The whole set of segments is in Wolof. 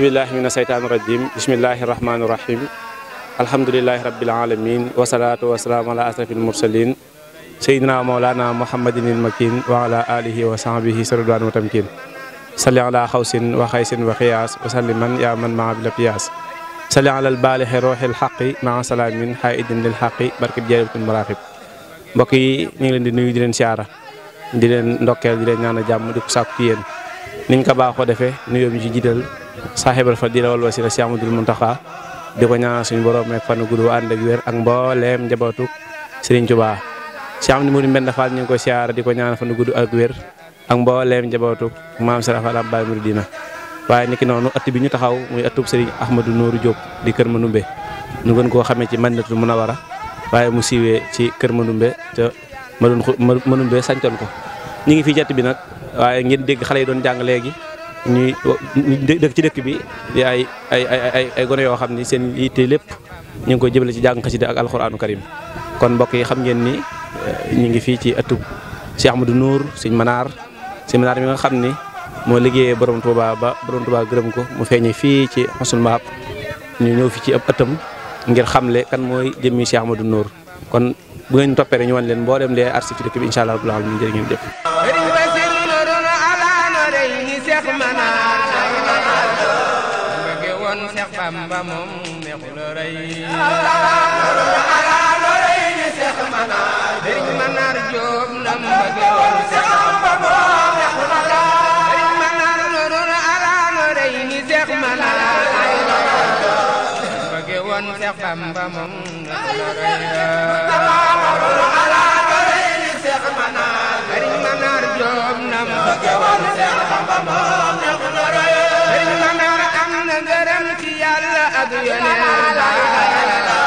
aousubillahi min asheytaani irajim bismillahi irahmani irahim alhamdulilahi rabbil alamin wasalatu wasalaamu ala ashrafil mursalin seydina mawlana muhammadinil makin wa ala alihi wa sahbihi saridwaan wa tamkin salli ala xawsin wa xaysin wa xiyaas wa salli yaa man maa bi la piyaas salli ala albaalixi rooxil xaqi maa salaamin xaa idin lil xaqi barkib jaribatul maraaxib mbokk yi ñu ngi leen di nuyu di leen siyaara di leen ndokkeel di leen ñaan a jàmm di ko saaxibal fadila wal wasila si Amadul Muntaxa di ko ñaanal suñu borom meeg fan gudd bu ànd ak wér ak mbooleem njabootu Serigne Touba si Amadou Mouride Mbenda Fall ñu ngi ko siyaara di ko ñaanal fan gudd ak wér ak mbooleem njabootu maam Sara Fall Baay Muridina waaye niki noonu ëtt bi ñu taxaw muy ëttub Serigne Ahmadou Nourou Diop di Kër Manumbe ñu gën koo xamee ci Madinatul Munawara waaye mu siiwee ci Kër Manumbe te Manumbe sancoon ko ñu ngi fi jàtt bi nag waaye ngeen dégg xale yi doon jàng léegi ñuy dëkk ci dëkk bi ay ay ay ay gone yoo xam ni seen yitte lépp ñu ngi koy jëmale ci jàng xasida ak alxuraanu karim kon mbokk yi xam ngeen ni eh, ñu ngi fii ci ëttub Cheikh du nuur sëñ Manaar sëñ Manaar mi nga xam ni moo liggéeye borom Touba ba borom Touba ko mu feeñee fii ci Husnul Mahab ñu ñëw fii ci ab ëttam xam xamle kan mooy jëmmi Cheikh du nuur kon bu ngeen toppee rek ñu wan leen mboolem lee arsi ci dëkk bi incha allah rabbil alamin jërë ngeen jëf Bamba moom neexul rëy sëriñ Manar Joob la mu bëgg woon Seex Bamba moom neexul rëy sëriñ Manar loroon alaano rëy ni Seex Manar bëgg woon Seex Bamba moom neexul rëy sëriñ Manar Joob la mu bëgg woon Seex Bamba moom neexul rëy gërëm ci yàlla ak yoneen ba ma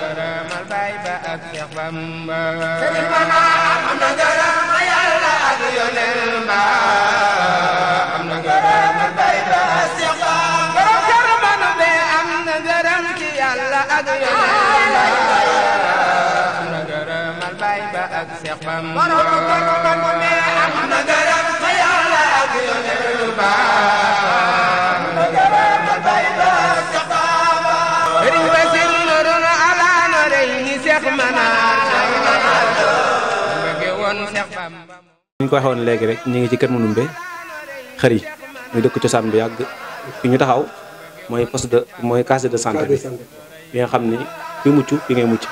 gërëmal baay ba ak Seex Bamba sëriñ Bamba am na gërëm yàlla ak yoneen ba am na gërëmal baay ba ak Seex Bamba borom karaman be am na gërëm ci yàlla ak yoneen ba am na gërëmal baay ba ak Seex Bamba borom karaman be am na gërëm yàlla ak yoneen ba ñu ko waxoon léegi rek ñu ngi ci Kër Mandoumbe xër yi ñu dëkk cosaan bu yàgg fi ñu taxaw mooy poste de mooy case de santé bi bi nga xam ni fi mucc fi ngay mucc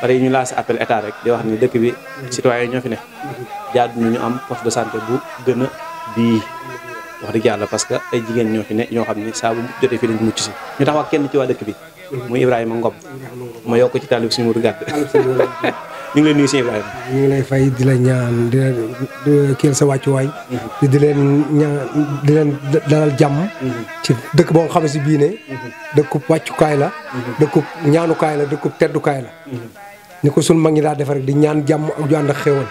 pare yi ñu laa si appel état rek di wax ni dëkk bi citoyen yi ñoo fi ne jaadu ñu am poste de santé bu gën a bii wax dëgg yàlla parce que ay jigéen ñoo fi ne ñoo xam ni saa bu jotee fi lañ mucc si ñu taxaw ak kenn ci waa dëkk bi mu Ibrahima Ngom ma yokk ci taalib si Mourou Gàtt ñu ngi lay nuyu si mu ngi lay fay di la ñaan di la kii sa wàccuwaay. Mm-hmm. di leen ñaan di leen dalal jàmm. Mm-hmm. ci dëkk boo xam si bii ne. Mm-hmm. dëkkub wàccukaay la. dëkkub ñaanukaay la dëkkub teddukaay la. ni ko sunu mag ñi daa def rek di ñaan jàmm ak ju ànd ak xéwal.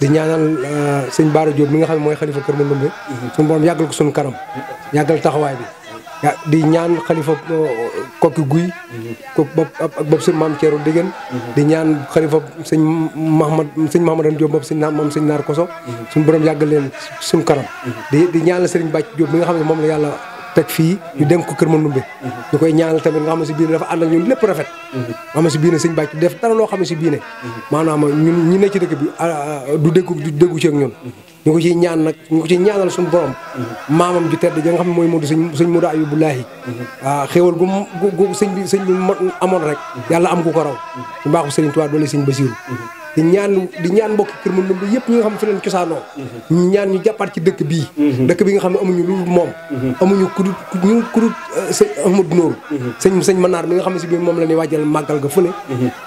di ñaanal euh, sëñ Bara Diop mi nga xam ne mooy xalifa Kër Madoumbe. sunu borom yàggal ko suñ kanam. yàggal taxawaay bi. di ñaan xalifa kokki guy ko bopp ak bopp sëñ maam Ceeru Dégéen di ñaan xalifa sëñ Mahamad sëñ Mahamadan Diop bopp sëñ naar moom sëñ naar koso suñu borom yàggal leen suñ kanam di di ñaan la sëriñ Bàcc Diop bi nga xam ne moom la yàlla teg fii ñu dénk ko kër Mandumbe ñu koy ñaanal tamit nga xam ne si biir dafa ànd ak ñun lépp rafet nga xam ne si biir sëñ Bàcc def dara loo xam ne si biir maanaam ñun ñi ne ci dëkk bi ah, ah, du déggu du déggu ci ak ñun ñu ko ci ñaan nag ñu ko ciy ñaanal suñu borom maamam ju tedd ja nga xam ne mooy mu sëñ sëñ bu Ayubulaahi waaw xéewal gu gu sëñ bi sëñ bi amoon rek yàlla am gu ko raw su mbaaxu sëriñ Tuubaa doole sëñ Basiiru di ñaan di ñaan mbokki Kër Mandoumbe yëpp ñi nga xam ne fi leen cosaanoo ñu ñaan ñu jàppaat ci dëkk bii mhm. dëkk bi nga xam ne amuñu lu moom mhm. amuñu kudut ñu kudut euh, sëñ Ahmadu Nóoru mhm. sëñ sëñ Manaar mi xam ne si moom la ñuy wàajal ga fu ne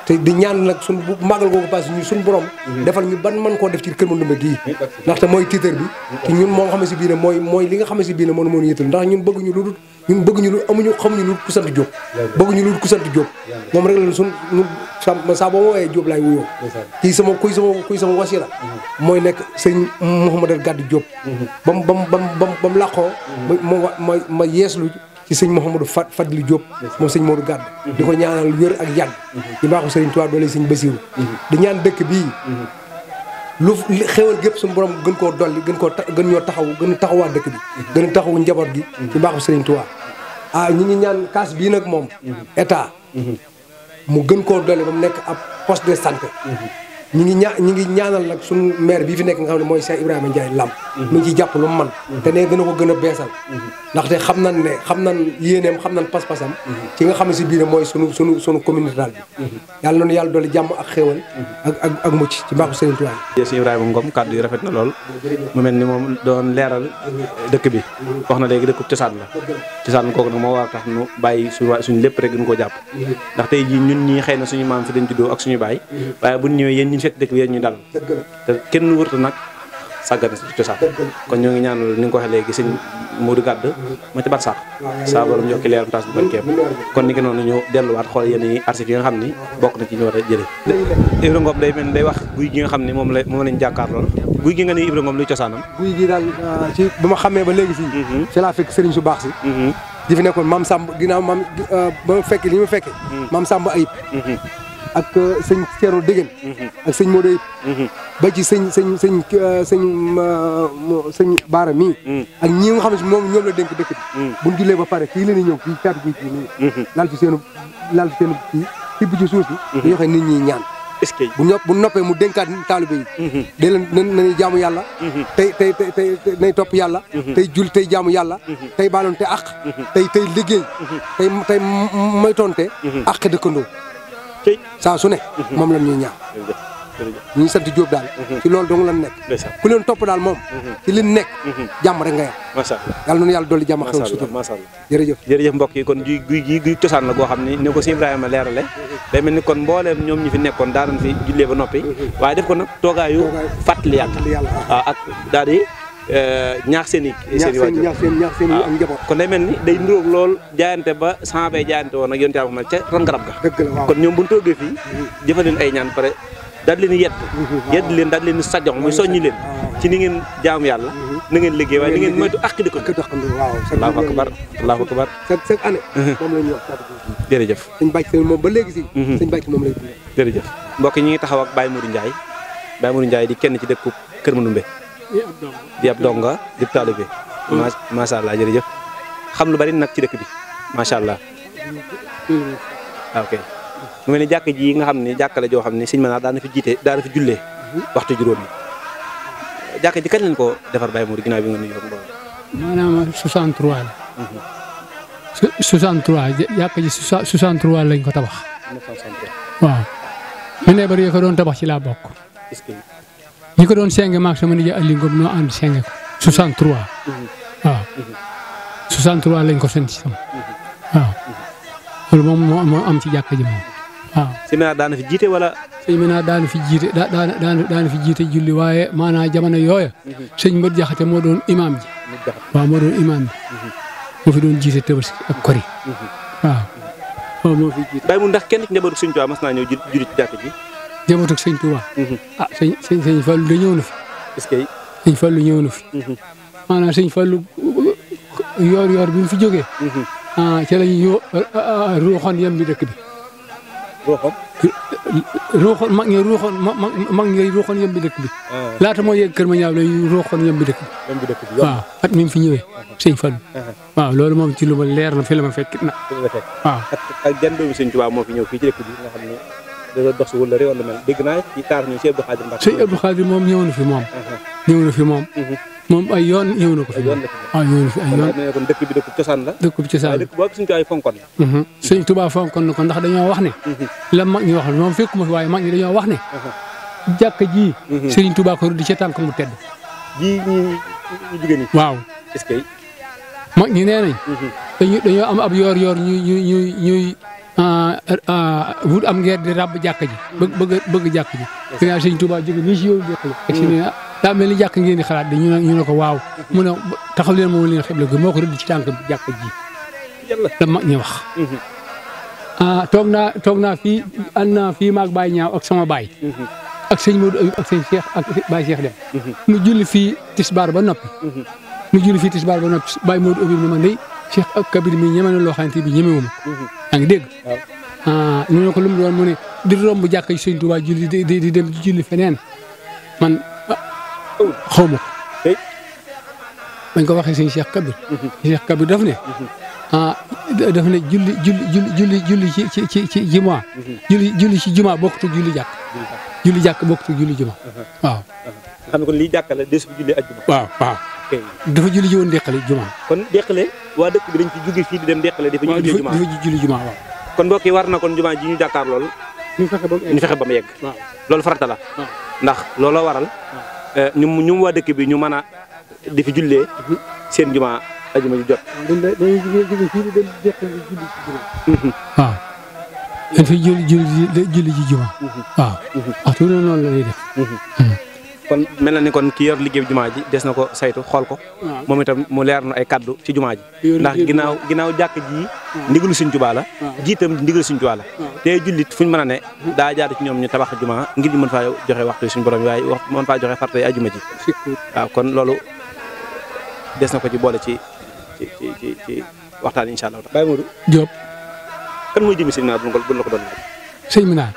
te di ñaan nag suñ màggal googu passé ñu suñ borom defal ñu ban man koo def ci Kër Mandoumbe gii ndaxte mooy titre bi te ñun moo nga xam si biir ne mooy mooy li nga xam ne si bii ne moonu moonu yëtal ndax ñun bëgguñu lu dul ñun bëgguñu lu amuñu xamuñu lu ku sant Diop bëgguñu lu ku sant Diop moom rek la sun ñun saa boo ma woowee Diop laay wuyoo kii sama kuy sama kuy sama wasila mhm. mooy nekk sëñ Mouhamadou Gaddi Diop mhm. bam bam bam bam ba mu làqoo mhm. ma ma ma yeeslu ci sëñ Mouhamadou Fat Fadli Diop moom sëñ Modou Gadd di ko ñaanal wér ak yàgg di mbaaxu sëriñ Tuubaa doole sëñ Basiru di ñaan dëkk bii lu xéwal gépp suñ borom gën koo dolli gën koo gën ñoo taxaw gën a taxawaa dëkk bi gën a taxawu njaboot gi ci baaxu Sëriñ Tuubaa ah ñi ngi ñaan kaas bii nag moom état mu gën koo dolli ba mu nekk ab poste de santé ñi ngi ñaa ñi ngi ñaanal nag suñu meer bii fi nekk nga xam ne mooy Cheikh Ibrahima Ndiaye Lamb mi ngi ciy jàpp lu man te ne dina ko gën a beesal ndaxte xam nan ne xam nan yéeneem xam nan pas-pasam ci nga xam ne si biir mooy sunu sunu sunu communauté daal bi yàlla noonu yàlla doole jàmm ak xéewal ak ak ak yi rafet na lool mu mel ni moom doon leeral dëkk bi wax na léegi dëkkub cosaan la cosaan kooku nag moo war a tax nu bàyyi suñu waa suñu lépp rek gën ko jàpp ndax tey jii ñun ñii xëy na suñu maam fi dañ juddoo ak suñu baay waaye bu ñu ñëwee yéen ñu fekk dëkk bi yéen ñu dal te kenn wërta nag sàggane ci cosaan kon ñoo ngi ñaanal ni nga ko waxee léegi sëñ Modou Gadd ma ci bar sax saa borom yokki leeram tas bu barkeem kon ni ki noonu ñu delluwaat xool yenn yi archives yi nga xam ni bokk na ci ñu war a jëlee Ibra Ngom day mel day wax guy gi nga xam ne moom la moom lañ jàkkaar lool guy gi nga ne Ibra Ngom luy cosaanam guy gi daal euh, ci bu ma xamee ba léegi si mhm. ci laa fekk sëriñ su baax si mhm. di fi nekkoon maam Samb ginnaaw maam euh, ba fekk li ma fekkee maam mhm. Samb ayib ak euh, sëñ Thierno Dégène mhm. ak sëñ Modou mhm. ba ci sëñ sëñ sëñ euh, sëñ euh, sëñ Baara mii mhm. ak ñi nga xam si moom ñoom la dénk dëkk bu buñ jullee ba pare fii la ñuy ñëw fii caatu gi fii nii laal ci seenu laal ci seenu fii tibb ci suuf si di joxe nit ñi ñaan est-ce que bu ñop bu noppee mu dénkaat taalibe yi day leen nañuy jaamu yàlla tey tey tey tey nay topp yàlla tey jul tey jaamu yàlla tey baaloon te àq tey tey liggéey tey tey moytoonte àq dëkkandoo saa su ne moom la ñuy ñaan ñu ngi sant Diop daal ci loolu dong la nekk ku leen topp daal moom ci li nekk mhm. jàmm rek nga yam macha na yàlla noonu yàlla dolli jàmm xew sutur macha allah jërëjëf jërëjëf kon guy guy guy cosaan la goo xam ni ne ko si Ibrahima leerale day mel ni kon mbooleem ñoom ñu fi nekkoon daanan fi jullee ba noppi mhm. waaye def ko nag toogaayu fàttali yàlla ah, ak Euh, ñaax seen i seen i waajur ñaax seen ñaax ah. kon day mel ni day niroog lool jaayante ba sama bay jaayante woon ak yonent Yàlla Muhammad ca ron garab ga kon ñoom bu ñu toogee fii mm-hmm. jëfal leen ay ñaan pare daal leen yedd mm-hmm. yedd leen daal leen sajox muy soññi leen ah. ci ni ngeen jaamu yàlla mm-hmm. na ngeen liggéey waaye ni ngeen moytu ak di ko waaw allahu akbar allahu akbar chaque chaque année jërëjëf suñ bàcc moom ba léegi si suñ bàcc moom lay mbokk ñu ngi taxaw ak Baye Modou Ndiaye Baye Modou Ndiaye di kenn ci dëkku Kër Mandoumbe di ab donga di taalibe macha allah jërëjëf xam lu bari nag ci dëkk bi macha allah ah, ok mu mel ni jàkk ji nga xam ne jàkkale joo xam ne sëñ Manar daan na fi jiite daan na fi jullee waxtu juróomi jàkk ji kañ lañ ko defar Baye Mouride ginnaaw bi nga nuyoo mbooloo. maanaam 63 la. 63 jàkk ji 63 lañ ko tabax. waaw. mu ne bari ko doon tabax ci laa bokk. ñi ko doon senge maak sama nijaay Aliou Ngom ñoo ànd senge ko 63. waaw 63 lañ ko sant si sama waaw moom moo am ci jàkka ji moom daan fi jiite wala. sëñ Minnaar daan na fi jiite daa daan fi jiite julli waaye maanaam jamono yooya. sëñ Mbët Jaxate moo doon imaam ji. waaw moo doon imaam bi. moo fi doon jiite Tabaski ak Kori. waaw. waaw moo fi jiite. bàyyi mu ndax kenn ci njabootu Sëñ Tuubaa mas naa ñëw julli ci jàkka ji. jaboot ak sëñ Touba. Mhm. ah sëñ sëñ sëñ Fallou de ñëw na fi. est-ce que sëñ Fallou ñëw na fi. Mhm. maanaam sëñ Fallou yor-yor bi mu fi jóge mhm. ah ci la ñuy ah, ah, ah, ruuxoon yem bi dëkk bi. ruuxoon. ruuxoon mag ñi ruuxoon mag ñi ruuxoon yem bi dëkk laata moo yegg kër ma ñaaw lay ruuxoon yem bi dëkk bi. yem waaw at mi mu fi ñëwee uh-huh. sëñ Fallou. Uh-huh. waaw loolu moom ci lu ma leer na fi la ma fekk na. waaw. ak ak jan doomu sëñ Touba moo fi da dox si wala réew lu mel uh-huh. uh-huh. ko fi. ay yoon ah, fi ay yoon. kon dëkk bi dëkk cosaan la. dëkk bi cosaan la dëkk boobu suñu tubaab fonkoon na. Uh-huh. sëñ Tuubaa fonkoon na ko ndax dañoo wax ne. la mag ñi wax moom fekkuma fi waaye mag ñi dañoo wax ne. jàkka ji. sëriñ Tuubaa ko di ca tànk mu tedd. ji ñu ñu waaw mag ñi nee dañoo am ab yoor yoor ñuy ñuy Ah, ah, wut am ngeer di ràbb jàkk ji bëgg bëgg jàkk ji dinaa sëñ Tuubaa jóge nii si yow jàkk ji daa mel ni jàkk ngeen di xalaat di ñu ne ñu ne ko waaw mu ne taxaw leen moom leen xibla gi moo ko rëdd ci tànk jàkk ji la mag wax mhm. ah, toog naa toog naa fii ànd naa fii maag Baye ñaaw ak sama baay mhm. ak sëñ Modou ak sëñ Cheikh ak Baye Cheikh nu mhm. julli fii tisbaar ba noppi nu julli fii tisbaar ba noppi Baye Modou Ayib ni ma ndey Cheikh ak Kabir mi ñeme na loo xamante bi ñemewuma. mu mhm. ngi dégg. waaw ah, ko lu mu doon mu ne di romb jàkka Sëñ Tuubaa julli di di di dem julli feneen man ah, xaw ko. bañ ko waxee sëñ Cheikh Kabir. Mhm. Cheikh Kabir daf ne. Mhm. ah julli julli julli julli ci ci ci ci jumaa. julli julli ci jumaa bokkut ak julli jàkk. julli jàkk julli jumaa uh-huh. waaw. Uh-huh. dafa julli ji woon deqale juma. kon deqale waa dëkk bi dañ ci jóge fii di dem deqale dafa julli juma dafa julli juma waaw kon mbokk yi war na kon juma ji ñu jàkkaar lool ñu fexe ba mu yegg loolu farata la ndax looloo waral eh, ñu ñu waa dëkk bi ñu mën a di fi jullee mhm. seen juma ajuma ju jot dañuy jóge fii di dem deqale di julli ci juma mhm. waaw dañ fi julli julli ji juma mhm. waaw waxtu noonu la ñuy def kon mel na ni kon ki yor liggéey jumaa ji des na ko saytu xol ko moom itam mu leer na ay kaddu ci jumaa ji ndax ginaaw ginnaaw jàkk ji ndigalu suñ jubaa la ji itam suñ jubaa la te jullit fuñ mën a ne daa jaadu ci ñoom ñu tabax jumaa ngir ñu mën faa joxe waxtu suñ borom waaye wax mën faa joxe fartay ajuma ji waaw kon loolu des na ko ci boole ci ci ci ci waxtaan incha allah Baye Modou Diop kan mooy jëmi sëñ Minaar bu ko doon sëñ Minaar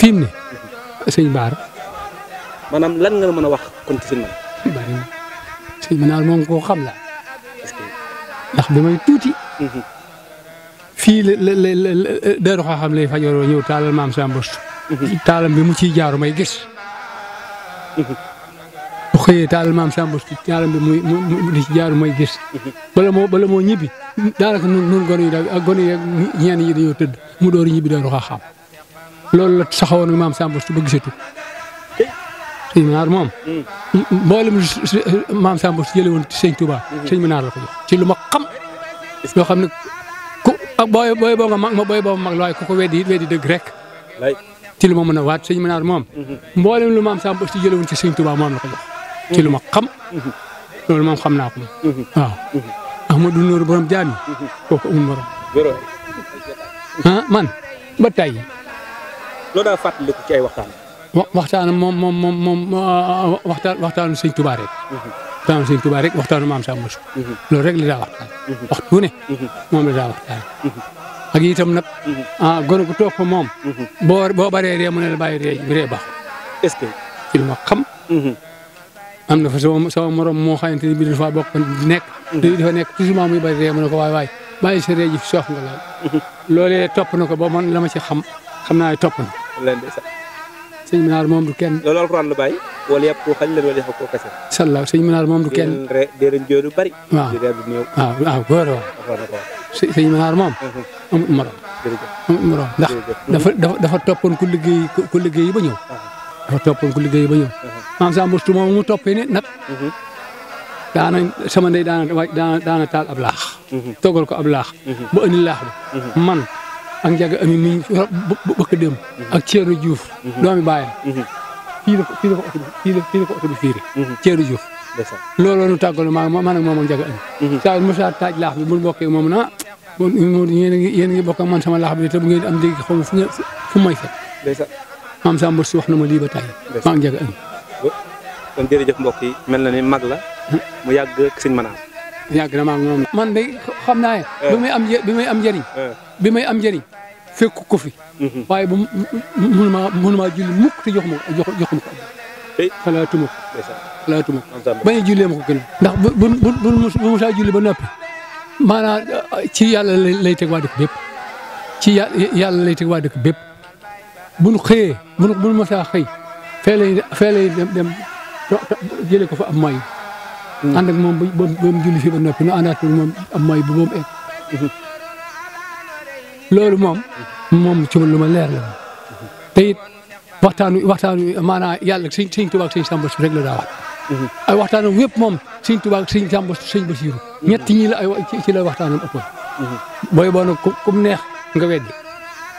fi ne mm-hmm. sëñ maanaam lan nga mën a wax kon ci sëñ Manal. bari na sëñ Manal moom koo xam la ndax bi may tuuti. Mhm. fii la la la la Daaru Xaaxam lay fajooroo ñëw taalal maam Samba mhm. taalam bi mu ciy jaaru may gis. Mhm. bu xëyee taalal maam Samba taalam bi muy mu di ci jaaru may gis. bala daanaka nun nun yi daal ak gone yi ak ñeen yi dañoo tëdd mu door ñibbi Daaru Xaaxam loolu la saxawoon maam Samba ba gisatu. sëñ Manar moom. mboolem maam Samba si jëlee woon ci sëñ Touba. sëñ Manar la ko jox ci lu ma xam. yoo xam ne ku ah booy booy boo nga booy boo mag la waaye ku ko rek. ci lu ma mën a waat sëñ Manar moom. Mhm. mboolem lu maam si jëlee ci sëñ Touba moom la ko lu ma xam. Mhm. loolu moom xam naa ko moom. Mhm. waaw. Ahmadou Nour borom jaami. kooku amul borom. ah man ba tey. waxtaanam moom moom moom moom waxtaan waxtaanu sëñ mhm. Tuubaa rek. waxtaanu sëñ Tuubaa rek waxtaan maam Samba Bousso. Mhm. loolu rek la daa waxtaan. Mhm. waxtu ne. moom la daa waxtaan. ak itam nag. ah gone gu toog fa moom. boo boo baree ree mu ne la bàyyi ree ree baax. est-ce am na fa sama sama morom moo xamante ni bii dafa bokk di nekk. dafa nekk toujours maa muy bari ree mu ne ko waay waay bàyyi sa ree ji nga lool. loolee topp na ko ba man la ma xam xam naa ne topp na. sëñ Manar moom du kenn. loolu alxuraan la bàyyi wala yàpp koo xañ la wala yàpp koo kese. moom du kenn. dee dee dañ jooy lu bari. waaw dee daal du néew. waaw waaw moom. Mm-hmm. amut morom. amut morom ndax dafa dafa dafa toppoon ku liggéey ku liggéey ba ñëw. Uh-huh. dafa toppoon ku liggéey ba ñëw. Uh-huh. maam Samba Moussa moom mu toppee ne nag. Mm-hmm. daana sama ndey daana daana daana taal ab laax. Mm-hmm. toggal ko ab laax. bu ëndi laax bi ak Ndiaga Ami mi bëkk dem mhm. ak Thierno Diouf. Mhm. doomi baayam. Mhm. fii la ko fii la ko oto bi fii la fii la ko oto bi fiire. Thierno Diouf. looloo nu tàggatoo ma man ak moom ak Ndiaga Ami. saa yu Moussa taaj laax bi bu bokkee moom na moom yéen a ngi yéen a ngi bokk ak man sama laax bi te bu ngeen am dégg xaw ma fu fu may fekk. maam Samba si wax na ma lii ba tàyyi. maa ngi Ndiaga Ami. kon jërëjëf mbokk yi mel na ni mag la. mu yàgg ak sëñ Manaam. yàgg na maa ngi moom. man de xam naa ne. Eh. bi muy am bi muy am njëriñ eh. bi may am njariñ fekk ko fi. Mhm. waaye bu mënuma mënuma julli mukk te jox ma ko jox jox ma ko. xalaatuma jullee ma ko gën ndax bu bu bu julli ba noppi maanaam ah, ci yàlla lay teg waa dëkk bépp ci yàlla lay teg waa dëkk bépp bu nu xëyee bu nu bu nu musaa xëy fee dem dem jëlee ko fa am may. Mhm. ànd ak moom ba ba julli fii ba noppi nu àndaat moom am may bu moom egg. Mhm. loolu moom moom ci lu ma leer la te it waxtaanu waxtaanu maanaam yàlla sëñ sëñ Tuubaa ak sëñ Samba rek la daa waxtaan ay waxtaanam yëpp moom sëñ Tuubaa ak sëñ Samba sëñ Basiiru ñett la ay ci la waxtaanam ëppoon booy boo nag ku mu neex nga weddi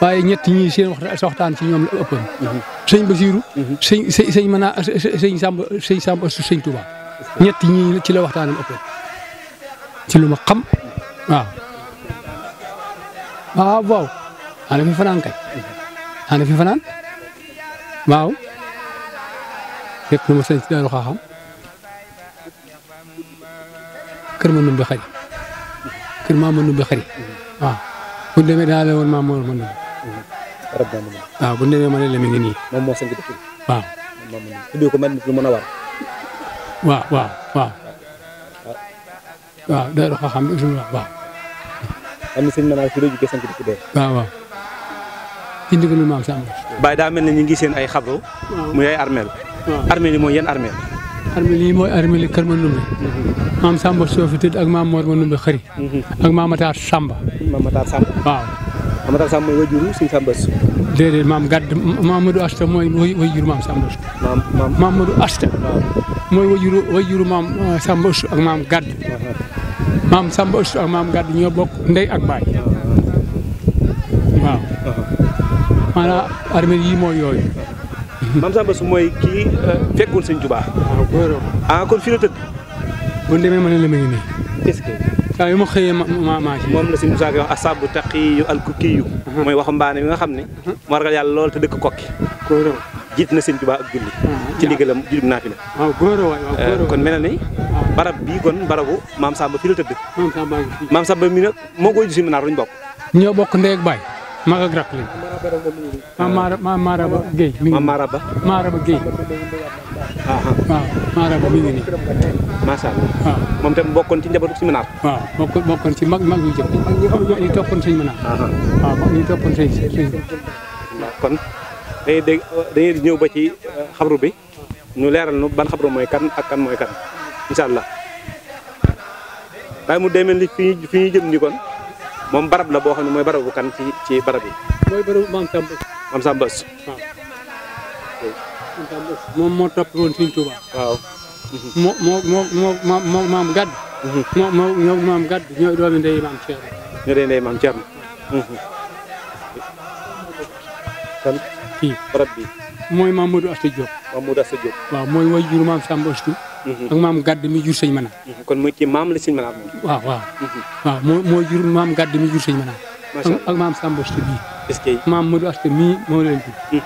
waaye ñett ñi seen waxtaan ci ñoom la ëppoon sëñ Basiiru sëñ sëñ sëñ mën naa sëñ Samba sëñ Samba sëñ ñi ci la waxtaanam ci lu ma xam waaw Ah, waaw waaw ana fi fanaan kay ana fi fanaan waaw fekk na ma sëñ si kër ma numbi xari kër maa ma numbi xari waaw bu ñu demee daal woon maa ma ma numbi waaw bu ñu nii moom waaw mën a war waaw waaw waaw waaw Daaru Xaaxam waaw am na seen ménage bu doon jógee sant bi tuddee. waaw waaw. ci ndigalu maam Samba. Baye daa mel ne ñu ngi seen ay xabru. muy ay armeel. armeel yi mooy yan armeel. yi mooy armeel yi kër ma numbe. Mhm. maam Samba soo fi tëdd ak maam Mor ma numbe xëri. Mhm. ak maam Matar Samba. maam maam Matar Samba mooy maam gàdd Mamadou Asta mooy wajuru maam Samba su. maam maam Mamadou Asta. mooy wajuru wajuru maam euh, Samba su ak maam gàdd. maam Samba Astou ak maam Gàdd ñoo bokk ndey ak baay waaw mooy yooyu maam Samba su mooy kii euh, fekkoon sëñ Tuubaa ah, ah kon fi la tëdd bu demee ma ne la ma ngi nii est-ce que saa yu ma xëyee ma ma ci moom la sëñ Musaa ak wax asaabu taqiyu al kukiyu mooy waxambaane bi nga xam ne war a yàlla lool te dëkk kokki jiit na sëñ Tuubaa ak julli ah, ci ah. ndigalam julli naa fi la kon mel na ni barab bii kon barabu maam Samba fi la tëdd. maam Samba bi maam Samba mi nag moo koy gis naa duñ bokk. ñoo bokk ndey ak baay mag ak rakk lañ. maam Mara maam Maraba Guèye. maam Maraba Maraba Guèye. waaw nii. macha moom itam bokkoon ci njabootu si mënaat. bokkoon ci mag mag yu jëm. ñu toppoon sëñ mënaat. waaw ñu toppoon sëñ sëñ. kon dañuy dégg ñëw ba ci euh, xabru bi ñu leeral nu ban xabru mooy kan ak kan mooy kan. incha allah waaye mu demee ni fi fi ñuy ni kon moom barab la boo xam ne mooy barabu kan ci ci barab yi. mooy barabu maam Samba. maam Samba Assa. waaw. moom moo topp woon Sëriñ moo maam Gadd. Mm-hmm. moo maam Gadd ñooy doomi ndey maam maam Thierno. Mm-hmm. kan. mooy Mamadou Asta Diop. Mamadou mooy wajuru maam Samba Assa. Mhm. ak maam gàdd mi jur sëñ mën a mhm. kon mooy ci maam la sëñ mën a waaw waaw mhm. waaw moo moo jur maam gàdd mi jur sëñ mën a ak maam Samba Asta bii est-ce que maam Modou Asta mii moo leen fi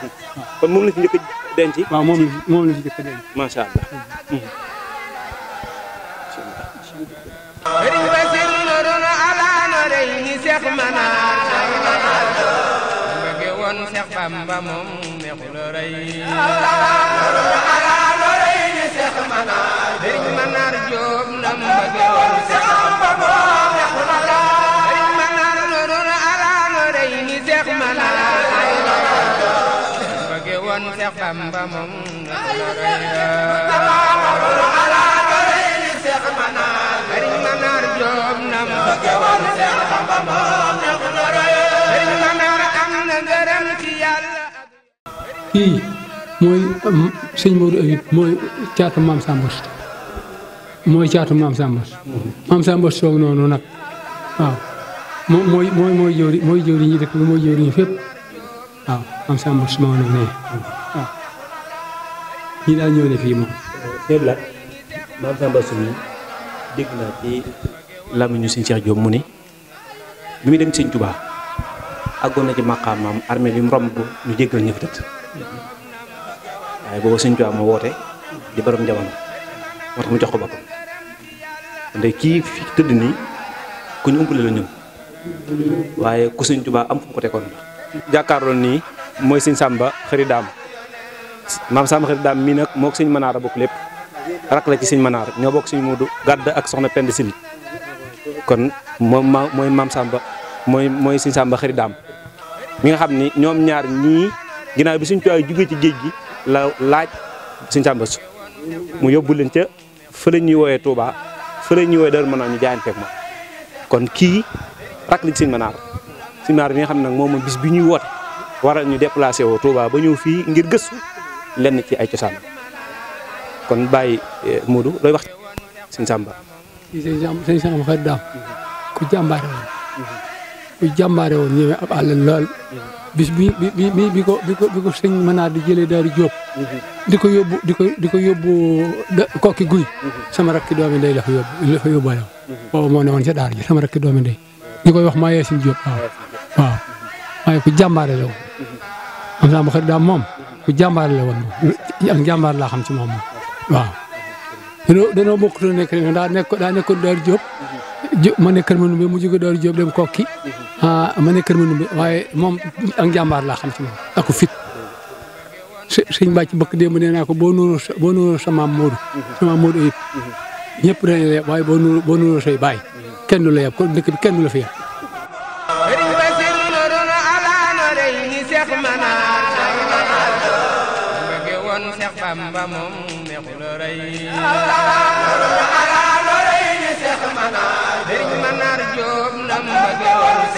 kon moom la si njëkk a denc waaw moom moom la si njëkk a denc macha allah Seex Bamba moom neexul rëy Sëriñ Manar Jóob lam ba jool Seex Bamba moom Seex Manar Sëriñ Manar nuurul alaano rey ni Seex Manar bëgge woon Seex Bamba moom Sëriñ Manar Jóob lam bëgge woon Seex Bamba moom Sëriñ Manar am na gërëm ci Yàlla kii mooy mm, sëñ Modou Ayib mooy caatu maam Samba mooy caatu maam Samba maam Samba soog noonu nag waaw moom mooy mooy mooy jëwri mooy jëwri ñi dëkk bi mooy jëwri ñi fépp waaw maam Samba moo nag ne waaw daal ñëw ne fii moom. Seydou Lat maam Samba Sow dégg naa ci làmmiñu sëñ Cheikh Diop mu ni bi muy dem sëñ Touba àggoon na ci maqaamam armée bi mu romb ñu jéggal ñëf waaye booba Sëñ Tuubaa moo woote di borom jamono moo tax mu ko boppam ndax kii am fu jàkkaarloo nii mooy Sëñ Samba xëri daam maam Samba xëri mii nag moo ko Sëñ Manaar lépp rak la ci Sëñ Manaar ñoo bokk Sëñ Moodu gàdd ak soxna Pend Sil kon mooy maam Samba mooy mooy Sëñ Samba xëri daam mi nga xam ni ñoom ñaar ñii ginnaaw bi Sëñ Tuubaa jugee ci géej la laaj siñ Sam Bass mu yóbbu leen ca fële ñuy woowee Touba fële ñuy woowee Darou Manane ñu jaayanteeg ma kon kii rak lañ sëñ Manar sëñ Manar bi nga xam ne nag moom moom bis bi ñuy woote waral ñu déplacé woo Touba ba ñëw fii ngir gëstu lenn ci ay cosaan kon bàyyi eh, Modou looy wax sëñ Samba kii sëñ Samba xarit ku jàmbaare woon mhm. ku jàmbaare woon ñëwee ab àll lool mhm. bis bi bi bi bi ko bi ko bi ko sëñ Manar di jëlee daal di jóob mhm. di ko yóbbu di ko di ko yóbbu kokki guy mhm. sama rakki doomi ndey la fa yóbbu la fa mhm. ne woon ca daar ji sama rakk doomi ndey ñu koy wax maa yee sin jóob waaw waaye ku jàmbaare la woon am saa ma xarit daal moom ku jàmbaare la woon moom ak jàmbaar laa xam ci moom moom waaw danoo danoo bokkutoo nekk daa nekk daa nekkoon daar jóob ma nekk man mu jóge daar jóob dem kokki Ah, ma ne kër ma numbe waaye moom ak njàmbaar xam ci moom ak fit sëñ Mbàcc bëkk démb nee ko boo nuuroo boo nuuroo sa maam Moodu sa maam Moodu ayib ñëpp dañ la waaye boo nuuroo boo nuuroo say baay kenn du la yab kon dëkk bi kenn du la fi yab Bamba moom mexul rëy Seex Manar Jóob la mu bëgg woon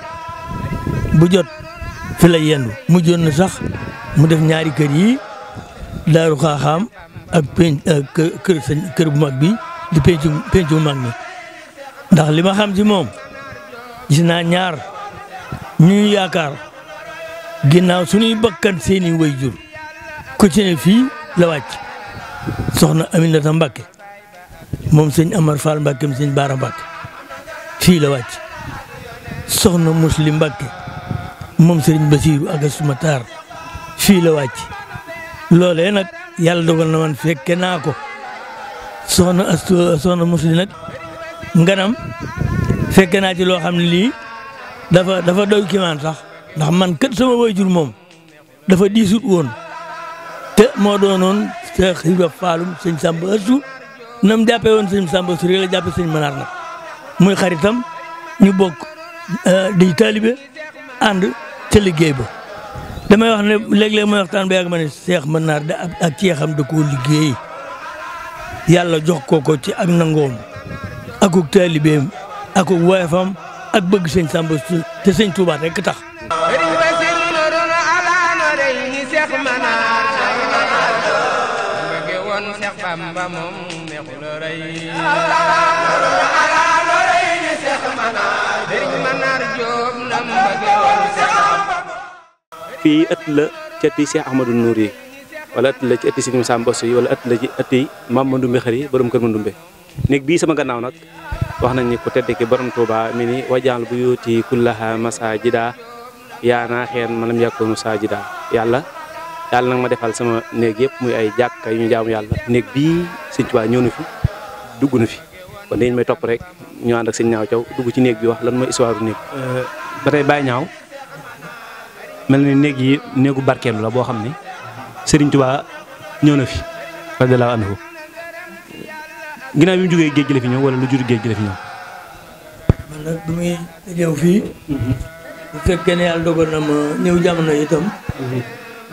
bu jot fi la yendu mujjoon na sax mu def ñaari kër yi daaru xaaxaam ak penc kër bu mag bi di penc penc bu mag mi ndax li ma xam ci moom gis naa ñaar ñu yaakaar ginnaaw suñuy bakkan seeni way jur ku fii la wàcc soxna Aminata Mbacke moom sëñ Amar Fall Mbacke mi sëñ Baara Mbacke fii la wàcc soxna Muslim Mbacke moom Serigne Bassirou ak suma taar fii la wàcc loolee nag yàlla dogal na man fekke naa ko soxna Astu soxna Musli nag nganam fekke naa ci loo xam ne lii dafa dafa doy kimaan sax ndax man kat sama wayjur moom dafa diisut woon te moo doonoon Cheikh Ibra Faalum sëñ Samba Astu nam jàppee woon sëñ Samba Astu rek la jàppe Manaar nag muy xaritam ñu bokk euh, di taalibe ànd ca liggéey ba damay wax ne léeg-léeg may waxtaan ba yàgg ma ne Cheikh da ak ceexam da koo liggéey yàlla jox ko ko ci ak nangoom akuk taalibeem akuk woyofam ak bëgg sëñ Samba te sëñ Touba rekk tax Bamba moom fii ëtt la ci ëtt yi Cheikh Ahmadou Nour yi wala ëtt la ci ëtt yi Sëriñ Moussa Mbosso yi wala ëtt la ci ëtt yi Mame Mandoumbe xër yi borom kër Mandoumbe néeg bii sama gannaaw nag wax nañ ni ku tedd ki borom Touba mi ni wajaal bu yuuti kullaha masajida yaanaa xeen malam yàkkoonu sajida yàlla yàlla nag ma defal sama néeg yëpp muy ay jàkka yu ñu jaamu yàlla néeg bii Sëriñ Touba ñëw na fi dugg na fi kon dañ may topp rek ñu ànd ak sëñ ñaaw caw dugg ci néeg bi wax lan moo histoire néeg mel ni néeg yi néegu barkeelu la boo xam ne Serigne Touba ñëw na fi radiyallahu anhu ginnaaw bi mu jógee géej gi la fi ñëw wala lu jur géej gi la fi ñëw. man nag du muy ñëw fii. bu fekkee ne yàlla dogal na ma ñëw jamono itam.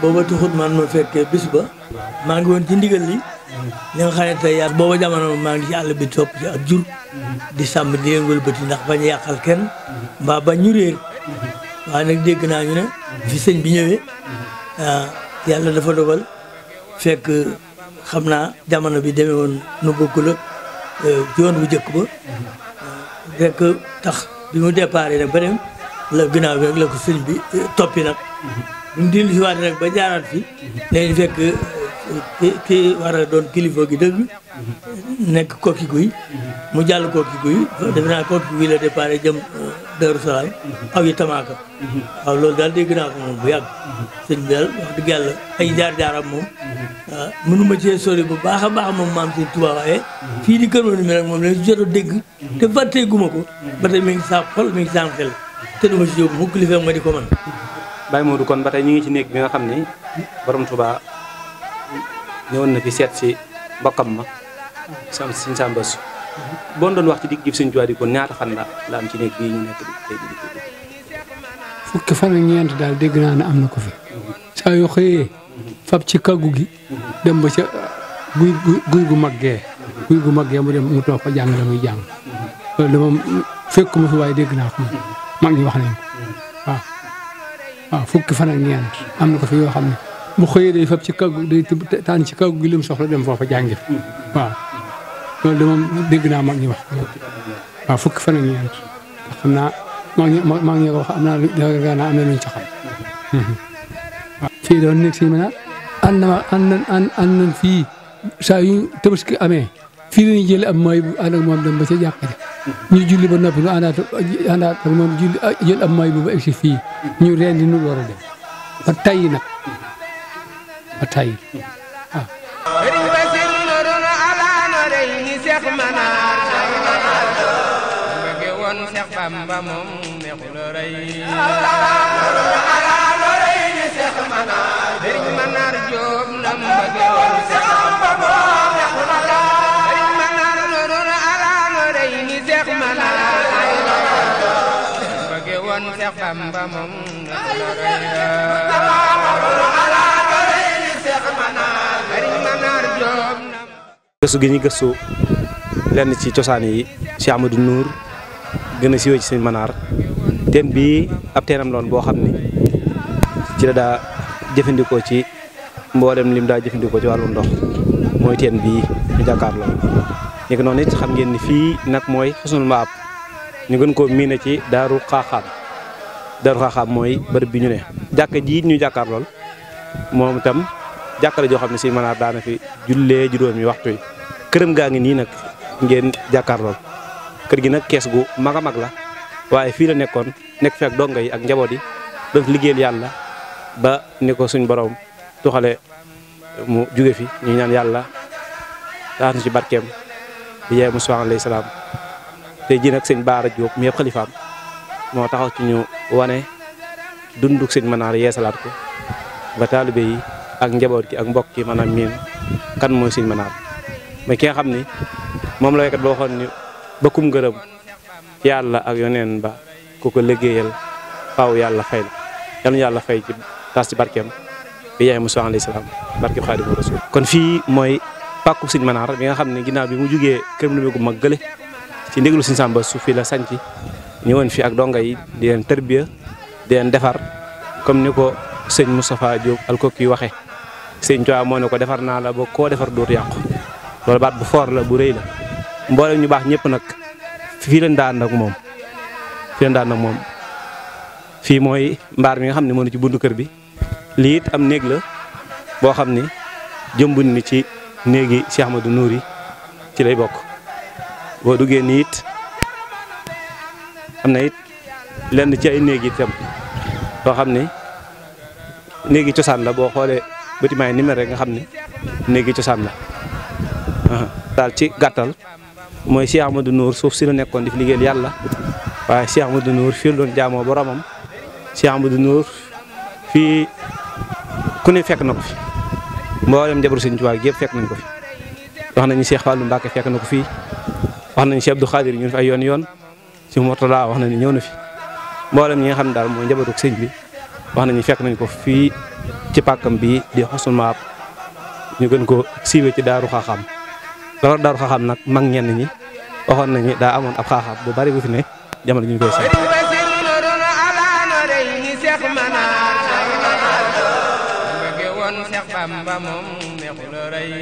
booba tuxut man ma fekkee bis ba. maa ngi woon ci ndigal li. ñi nga xam tey yaat booba jamono maa ngi ci àll bi topp ci ab jur. di sàmm di leen wëlbati ndax bañ a yàqal kenn. mbaa bañ ñu réer. waaye nag dégg naa ñu ne fi sëñ bi ñëwee ah, yàlla dafa dogal fekk xam naa jamono bi demee woon nu bokkul ak eh, yoon bu njëkk ba ah, fekk tax bi mu départ nag ba dem la ginnaaw la ko sëñ bi eh, toppi na bu ñu dellu si waat rek ba jaaraat fi léegi fekk eh, ki war doon kilifa gi dëgg nekk kooki guy mu jàll kooki guy defe naa ko guy la départ jëm euh, Daaru Salaam aw yi tamaaka waaw loolu daal dégg naa ko moom bu yàgg sëñ bi wax dëgg yàlla ay jaar-jaaram moom euh, mënuma cee sori bu baax a baax moom maam si tubaab fii di kër woon mi rek moom la jot a dégg te fàttee guma ko ba tey mi ngi saam xol mi ngi saam xel te duma si yóbbu mukk li fekk ma di ko mën Baye Modou kon ba ñu ngi ci néeg bi nga xam ne borom Touba ñëwoon na fi mbokkam ma sam sëñ Samba Su boo doon wax ci digg sëñ Tuubaa di kon ñaata fan la la am ci nekk bii ñu nekk fukki fan ak ñeent daal dégg naa ne am na ko fi saa yoo xëyee fab ci kaggu gi dem ba ca guy guy gu maggee guy gu maggee mu dem mu toog ko jàng la muy jàng loolu dama waaye dégg naa ko mag ñi wax nañ ko waaw fukki fan ak ñeent am na ko fi yoo xam ne mu xëyee day fab ci kaggu day taan ci kaggu gi lim soxla dem foofa jàngi waaw loolu de moom dégg naa mag ñi wax waaw fukki fan ak ñeent xam naa mag ñi mag wax am am na luñ ci xam waaw fii doon nekk si ma naan ànd na fii saa yu tabaski amee fii la ñuy jëlee ab mooy bu ànd moom dem ba ca jàkka ja ñu julli ba noppi ñu àndaat àndaat ak julli jël ab mooy bu ba egg fii ñu reen di nu war a dem ba tayyi nag ba tayyi manaat bëgge woon Seex Bamba moom neexul rëy sëriñ manaar Jóob lam bëgge woon Seex Bamba moom neexul rëy sëriñ manaar loror alaano rëy ni Seex manaar bëgge woon Seex Bamba moom neexul rëy gëstu gi ñuy gëstu lenn ci cosaan yi Cheikh Amadou Nour gën a siiwee ci sëñ Manaar teen bii ab teenam loon boo xam ni ci la daa jëfandikoo ci mboolem lim daa jëfandikoo ci wàllu ndox mooy teen bii ñu jàkkaarloo nekk noonu xam ngeen ni fii nag mooy xasunul maab ñu gën koo miine ci daaru xaaxaam daaru xaaxaam mooy bërëb bi ñu ne jàkka ji ñu jàkkaarlool moom itam jàkkale joo xam ne si manaar daana fi jullee juróomi waxtu yi këram gaa ngi nii nag ngeen jàkkaarlool kër gi nag kees gu mag a mag la waaye fii la nekkoon nekk fi ak donga yi ak njaboot yi doon liggéeyal yàlla ba ni ko suñ boroom tuxale mu jóge fi ñu ñaan yàlla taas ñu ci barkeem di yaay mu subhaana alayhi salaam tey jii nag sëñ Baara Diop mi yëpp xalifaam moo taxaw ki ñu wane dunduk sëñ Manar yeesalaat ko ba taalibe ak njaboot gi ak mbokk yi maanaam miin kan mooy sëñ Manar ba ki nga xam ni moom la waykat ba waxoon ni bëkkum gërëm yàlla ak yoneen ba ko ko liggéeyal faaw yàlla fay la yal na yàlla fay ci taas ci barkeem bi yaay Musaa alayhi kon fii mooy pàkku Sëñ Manaar bi nga xam ne ginnaaw bi mu jugee kër Ndoumé gu mag gële ci ndigalu Sëñ Samba su fi la sanc ñëwoon fi ak donga yi di leen tërbiya di leen defar comme ni ko sëñ Moustapha Diop Alkoki yi waxee sëñ Tuubaa moo ne ko defar naa la ba koo defar dootu yàqu loolu baat bu foor la bu rëy la mboole ñu baax ñépp nag fii leen daan nag moom fii moom fii mooy mbaar mi nga xam ne moo ci buntu kër bi lii it am néeg la boo xam ni jëmbun ni ci néegi Cheikh Ahmadou Nouri ci lay bokk boo duggee nii it am na it lenn ci ay néeg yi itam loo xam ne néegi cosaan la boo xoolee bâtiment yi ni mel nga xam ni néegi cosaan la daal ci gàttal mooy Cheikh Amadou Nour suuf si la nekkoon di fi liggéeyal yàlla waaye Cheikh Amadou Nour fii la doon jaamoo boromam Cheikh fii ku fekk na ko fi mboolem jabaru Sëñ Tuubaa yëpp fekk nañ ko fi wax nañu Cheikh Fallou Mbacke fekk na ko fii wax nañu Cheikh Abdou Khadir ñun fi yoon yoon si Mourtala wax nañu ñëw na fi mboolem ñi nga xam ne daal mooy njabootu sëñ bi wax nañu fekk nañ ko fii ci pàkkam bi di xosul maap ñu gën ko siiwee ci daaru xaaxaam loolu daaru xaaxaam nag mag ñenn ñi waxoon nañu daa amoon ab xaaxaam bu bari bu fi ne jamono ñu koy seet Seex Bamba moom neexul rëy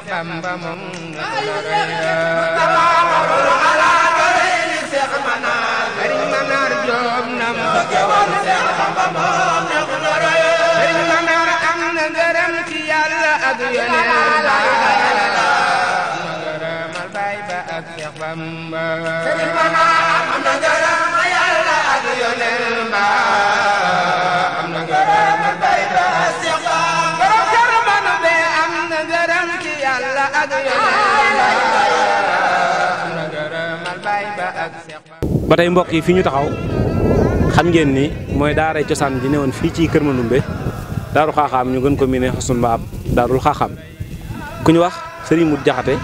Seex Bamba moom la am na gërëm ba yàlla ak yoneen ba am na gërëm ba tey mbokk yi fi ñu taxaw xam ngeen ni mooy daaray cosaan ji newoon fii ci Kër Mandoumbe daaru xaaxaam ñu gën ko miinee xasun mbaab daarul xaaxaam ku ñu wax sëriñ Mut Jaxate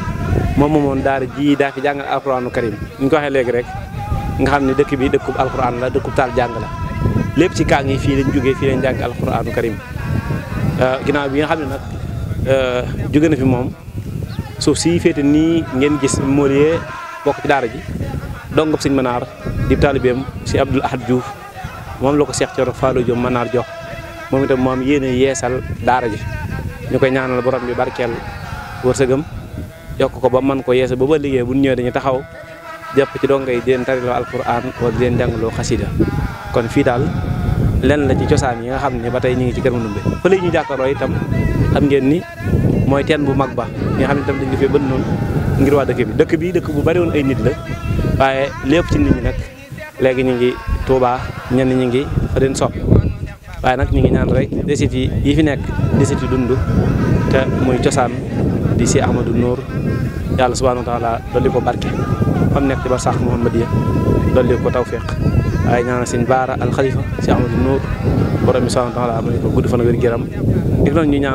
moom moomoon daara ji daa fi jàngal alquraanu karim ñu ko waxee léegi rek nga xam ne dëkk bi dëkkub alquraan la dëkkub taal jàng la lépp ci kaa ngi fii lañ jóge fii lañ jàng alquraanu karim euh, ginnaaw bi nga xam ne nag euh, jóge na fi moom suuf si féete nii ngeen gis Molier bokk ci daara ji dongob sëñ Manar di taalibeem si Abdoul Ahad Diouf moom la ko Cheikh Thioro Fallou Diop Manar jox moom itam moom yéene yeesal daara ji ñu koy ñaanal borom bi barkeel wërsëgam yokk ko ba mën ko yeesal ba ba liggéey bu ñëwee dañu taxaw jàpp ci donga yi di leen tariloo alquran wala di leen jàngaloo xasida kon fii daal lenn la ci cosaan yi nga xam ne ba tey ñu ngi ci Kër Mandoumbe fële ñu jàkkaaroo itam xam mooy teen bu mag ba nga xam ne tamit dañ ko fee bën noonu ngir waa dëkk bi dëkk bi dëkk bu bari woon ay nit la waaye lépp ci nit ñi nag léegi ñu ngi Touba ñenn ñi ngi fa den sopp waaye nag ñu ngi ñaan rek desit yi yi fi nekk desit yi dund te muy cosaan di si Ahmadou Nour yàlla subhanahu wa taala dolli ko barke fam nekk ci ma Muhammadiya dolli ko tawfiq waaye ñaanal seen baara alxalifa si ama Ahmadou Nour borom bi subhaanahu wa taala am nañ ko gudd fan wér gëram def nañ nga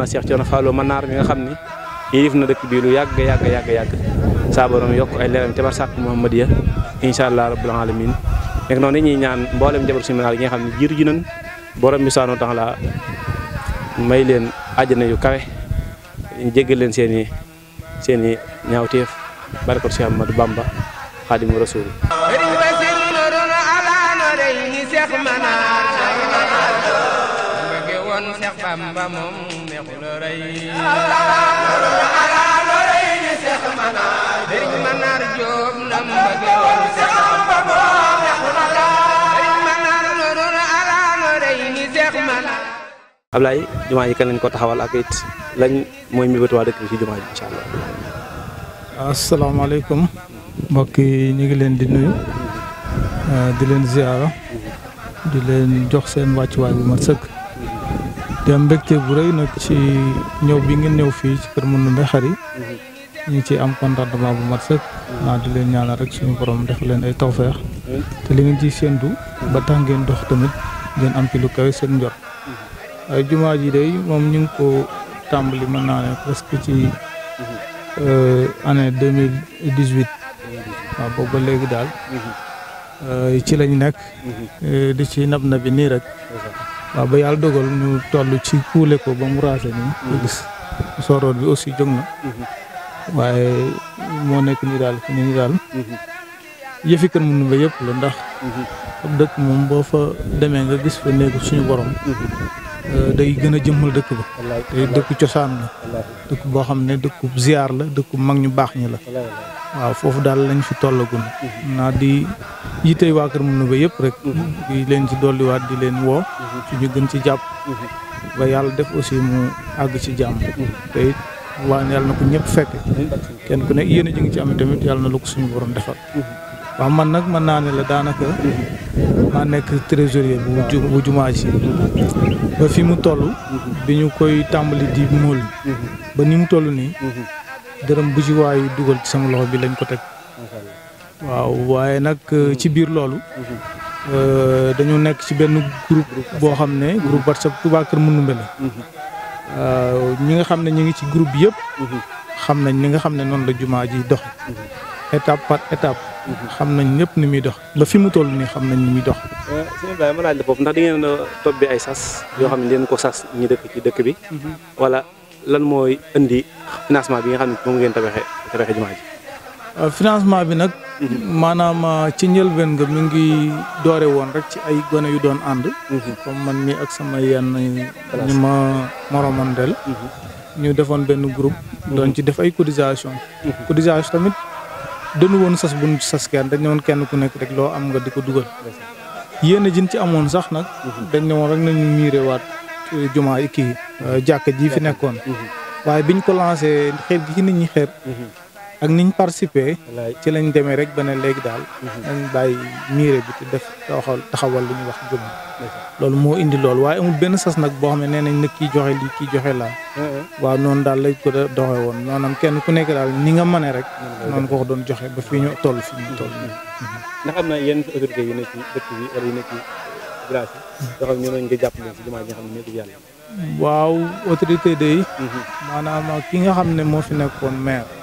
xam ni yilif na dëkk bii lu yàgg yàgg yàgg yàgg saa borom yokk ay leeram te bar sàkk incha allah rabbul alamin nekk noonu ñuy ñaan mboolem jabar suñu Manar yi nga xam ne jiitu ji nañ borom bi subhaanahu wa taala may leen àjjana yu kawe jéggal leen seen i seen i ñaawteef barkat Cheikh Ahmadou Bamba Xaadimu Rasuul Bamba moom neexul rëy loolu ala loolu ni Seex Manar Sëriñ Manar Jóob la yi kan lañ ko taxawal ak it lañ mooy mébét waa dëkk ci jumaa ji incha allah asalaamaaleykum mbokk yi ñu ngi leen di nuyu eh, di leen ziara di leen jox seen wàccuwaay bu ma sëkk di am mbégte bu rëy nag ci ñëw bi ngeen ñëw fii ci kër Mandoumbe Khary mhm. ñu ngi ciy am contentement bu mat sëkk mhm. di leen ñaanal rek suñu borom def leen ay tawfeex te li ngeen ciy séentu mhm. ba tax ngeen dox tamit ngeen am ci lu kawe seen njot ay jumaa ji day moom ñu ngi ko tàmbali mën naa ne presque ci euh, année deux mille dix-huit waaw boobu ba léegi daal euh, ci lañ nekk euh, di ci nab na bi nii rek waaw ba yàlla dogal ñu toll ci kuule ko ba mu raase nii. Mm-hmm. gis soroor bi aussi jóg na. Mm-hmm. waaye moo nekk nii daal fi nii daal. Mm-hmm. yëfi kër mu ba yëpp la ndax. dëkk moom boo fa demee nga gis fa néegu suñu borom. Euh, day gën a jëmmal dëkk ba. te dëkk cosaan la. dëkk boo xam ne dëkku ziar la dëkku mag ñu baax ñi la. waaw foofu daal lañ fi tollagum. naa di. yitey waa Kër ba yëpp rek. Mhm. di leen ci dolliwaat di leen woo. Mhm. ci gën ci jàpp. Mhm. ba yàlla def aussi mu àgg ci jàmm. te it waa yàlla na ko ñëpp fekk. kenn ku nekk yéen a ji ngi ci am tamit yàlla na lu ko suñu borom defal. waaw man nag mën naa ne la daanaka. maa nekk trésorier bu ju bu jumaa ji ba fi mu toll. bi ñu koy tàmbali di muul ba ni mu toll nii. dërëm bu ci waayu dugal ci sama loxo bi lañ ko teg. waaw waaye nag euh, ci biir loolu. Mhm. Euh, dañu nekk ci benn groupe boo xam ne mhm. groupe WhatsApp Touba Kër Mounoumbe la. Mhm. ñi nga xam ne ñu ngi ci groupe yëpp. xam nañ ni nga xam ne noonu la jumaa ji dox étape par étape. xam nañ ñëpp ni muy dox ba fi mu toll nii xam nañ ni muy dox. Euh, sëñ Ibrahima ma laaj la foofu ndax di ngeen topp bi ay sas yoo xam ne leen ko sas ñu dëkk ci dëkk bi. wala lan mooy indi financement bi nga xam ne moom ngeen tabaxee tabaxee jumaa ji. Euh, financement bi nag. maanaam euh, ci njëlbeen nga mi ngi doore woon rek ci ay gone yu doon ànd. Mhm. comme man mii ak sama yenn ñi ma moromandel mhm. ñu defoon benn groupe. Mhm. doon ci def ay cotisation cotisation tamit dënnu woon sas bu nu sas kenn dañ ne woon kenn ku nekk rek loo am nga di ko dugal. yéen jin ci amoon sax nag. dañ ne woon rek nañu miiree waat jumaa yi kii jàkka ji fi nekkoon. waaye biñ ko lancé xeet gi ci nit ñi xeet. ak ni ñu participé ci lañ demee rek ba ne léegi daal dañ mhm. bàyyi miire bi te def taxawal taxawal lu ñuy wax juma loolu moo indi loolu waaye amul benn sas nag boo xam ne nee nañ nag kii joxe lii kii joxe laa eh, eh. waaw noonu daal lañ ko doxe woon maanaam kenn ku nekk daal ni nga mëne rek noonu ko ko doon joxe ba fii ñu toll fii ñu toll mhm. ndax am na yenn autorité yu nekk ci dëkk bi wala yu nekk ci village yoo xam ne ñoo nga jàpp leen si jumaa ji nga xam ne nekk yàlla waaw autorité day mhm. maanaam ki nga xam ne moo fi nekkoon maire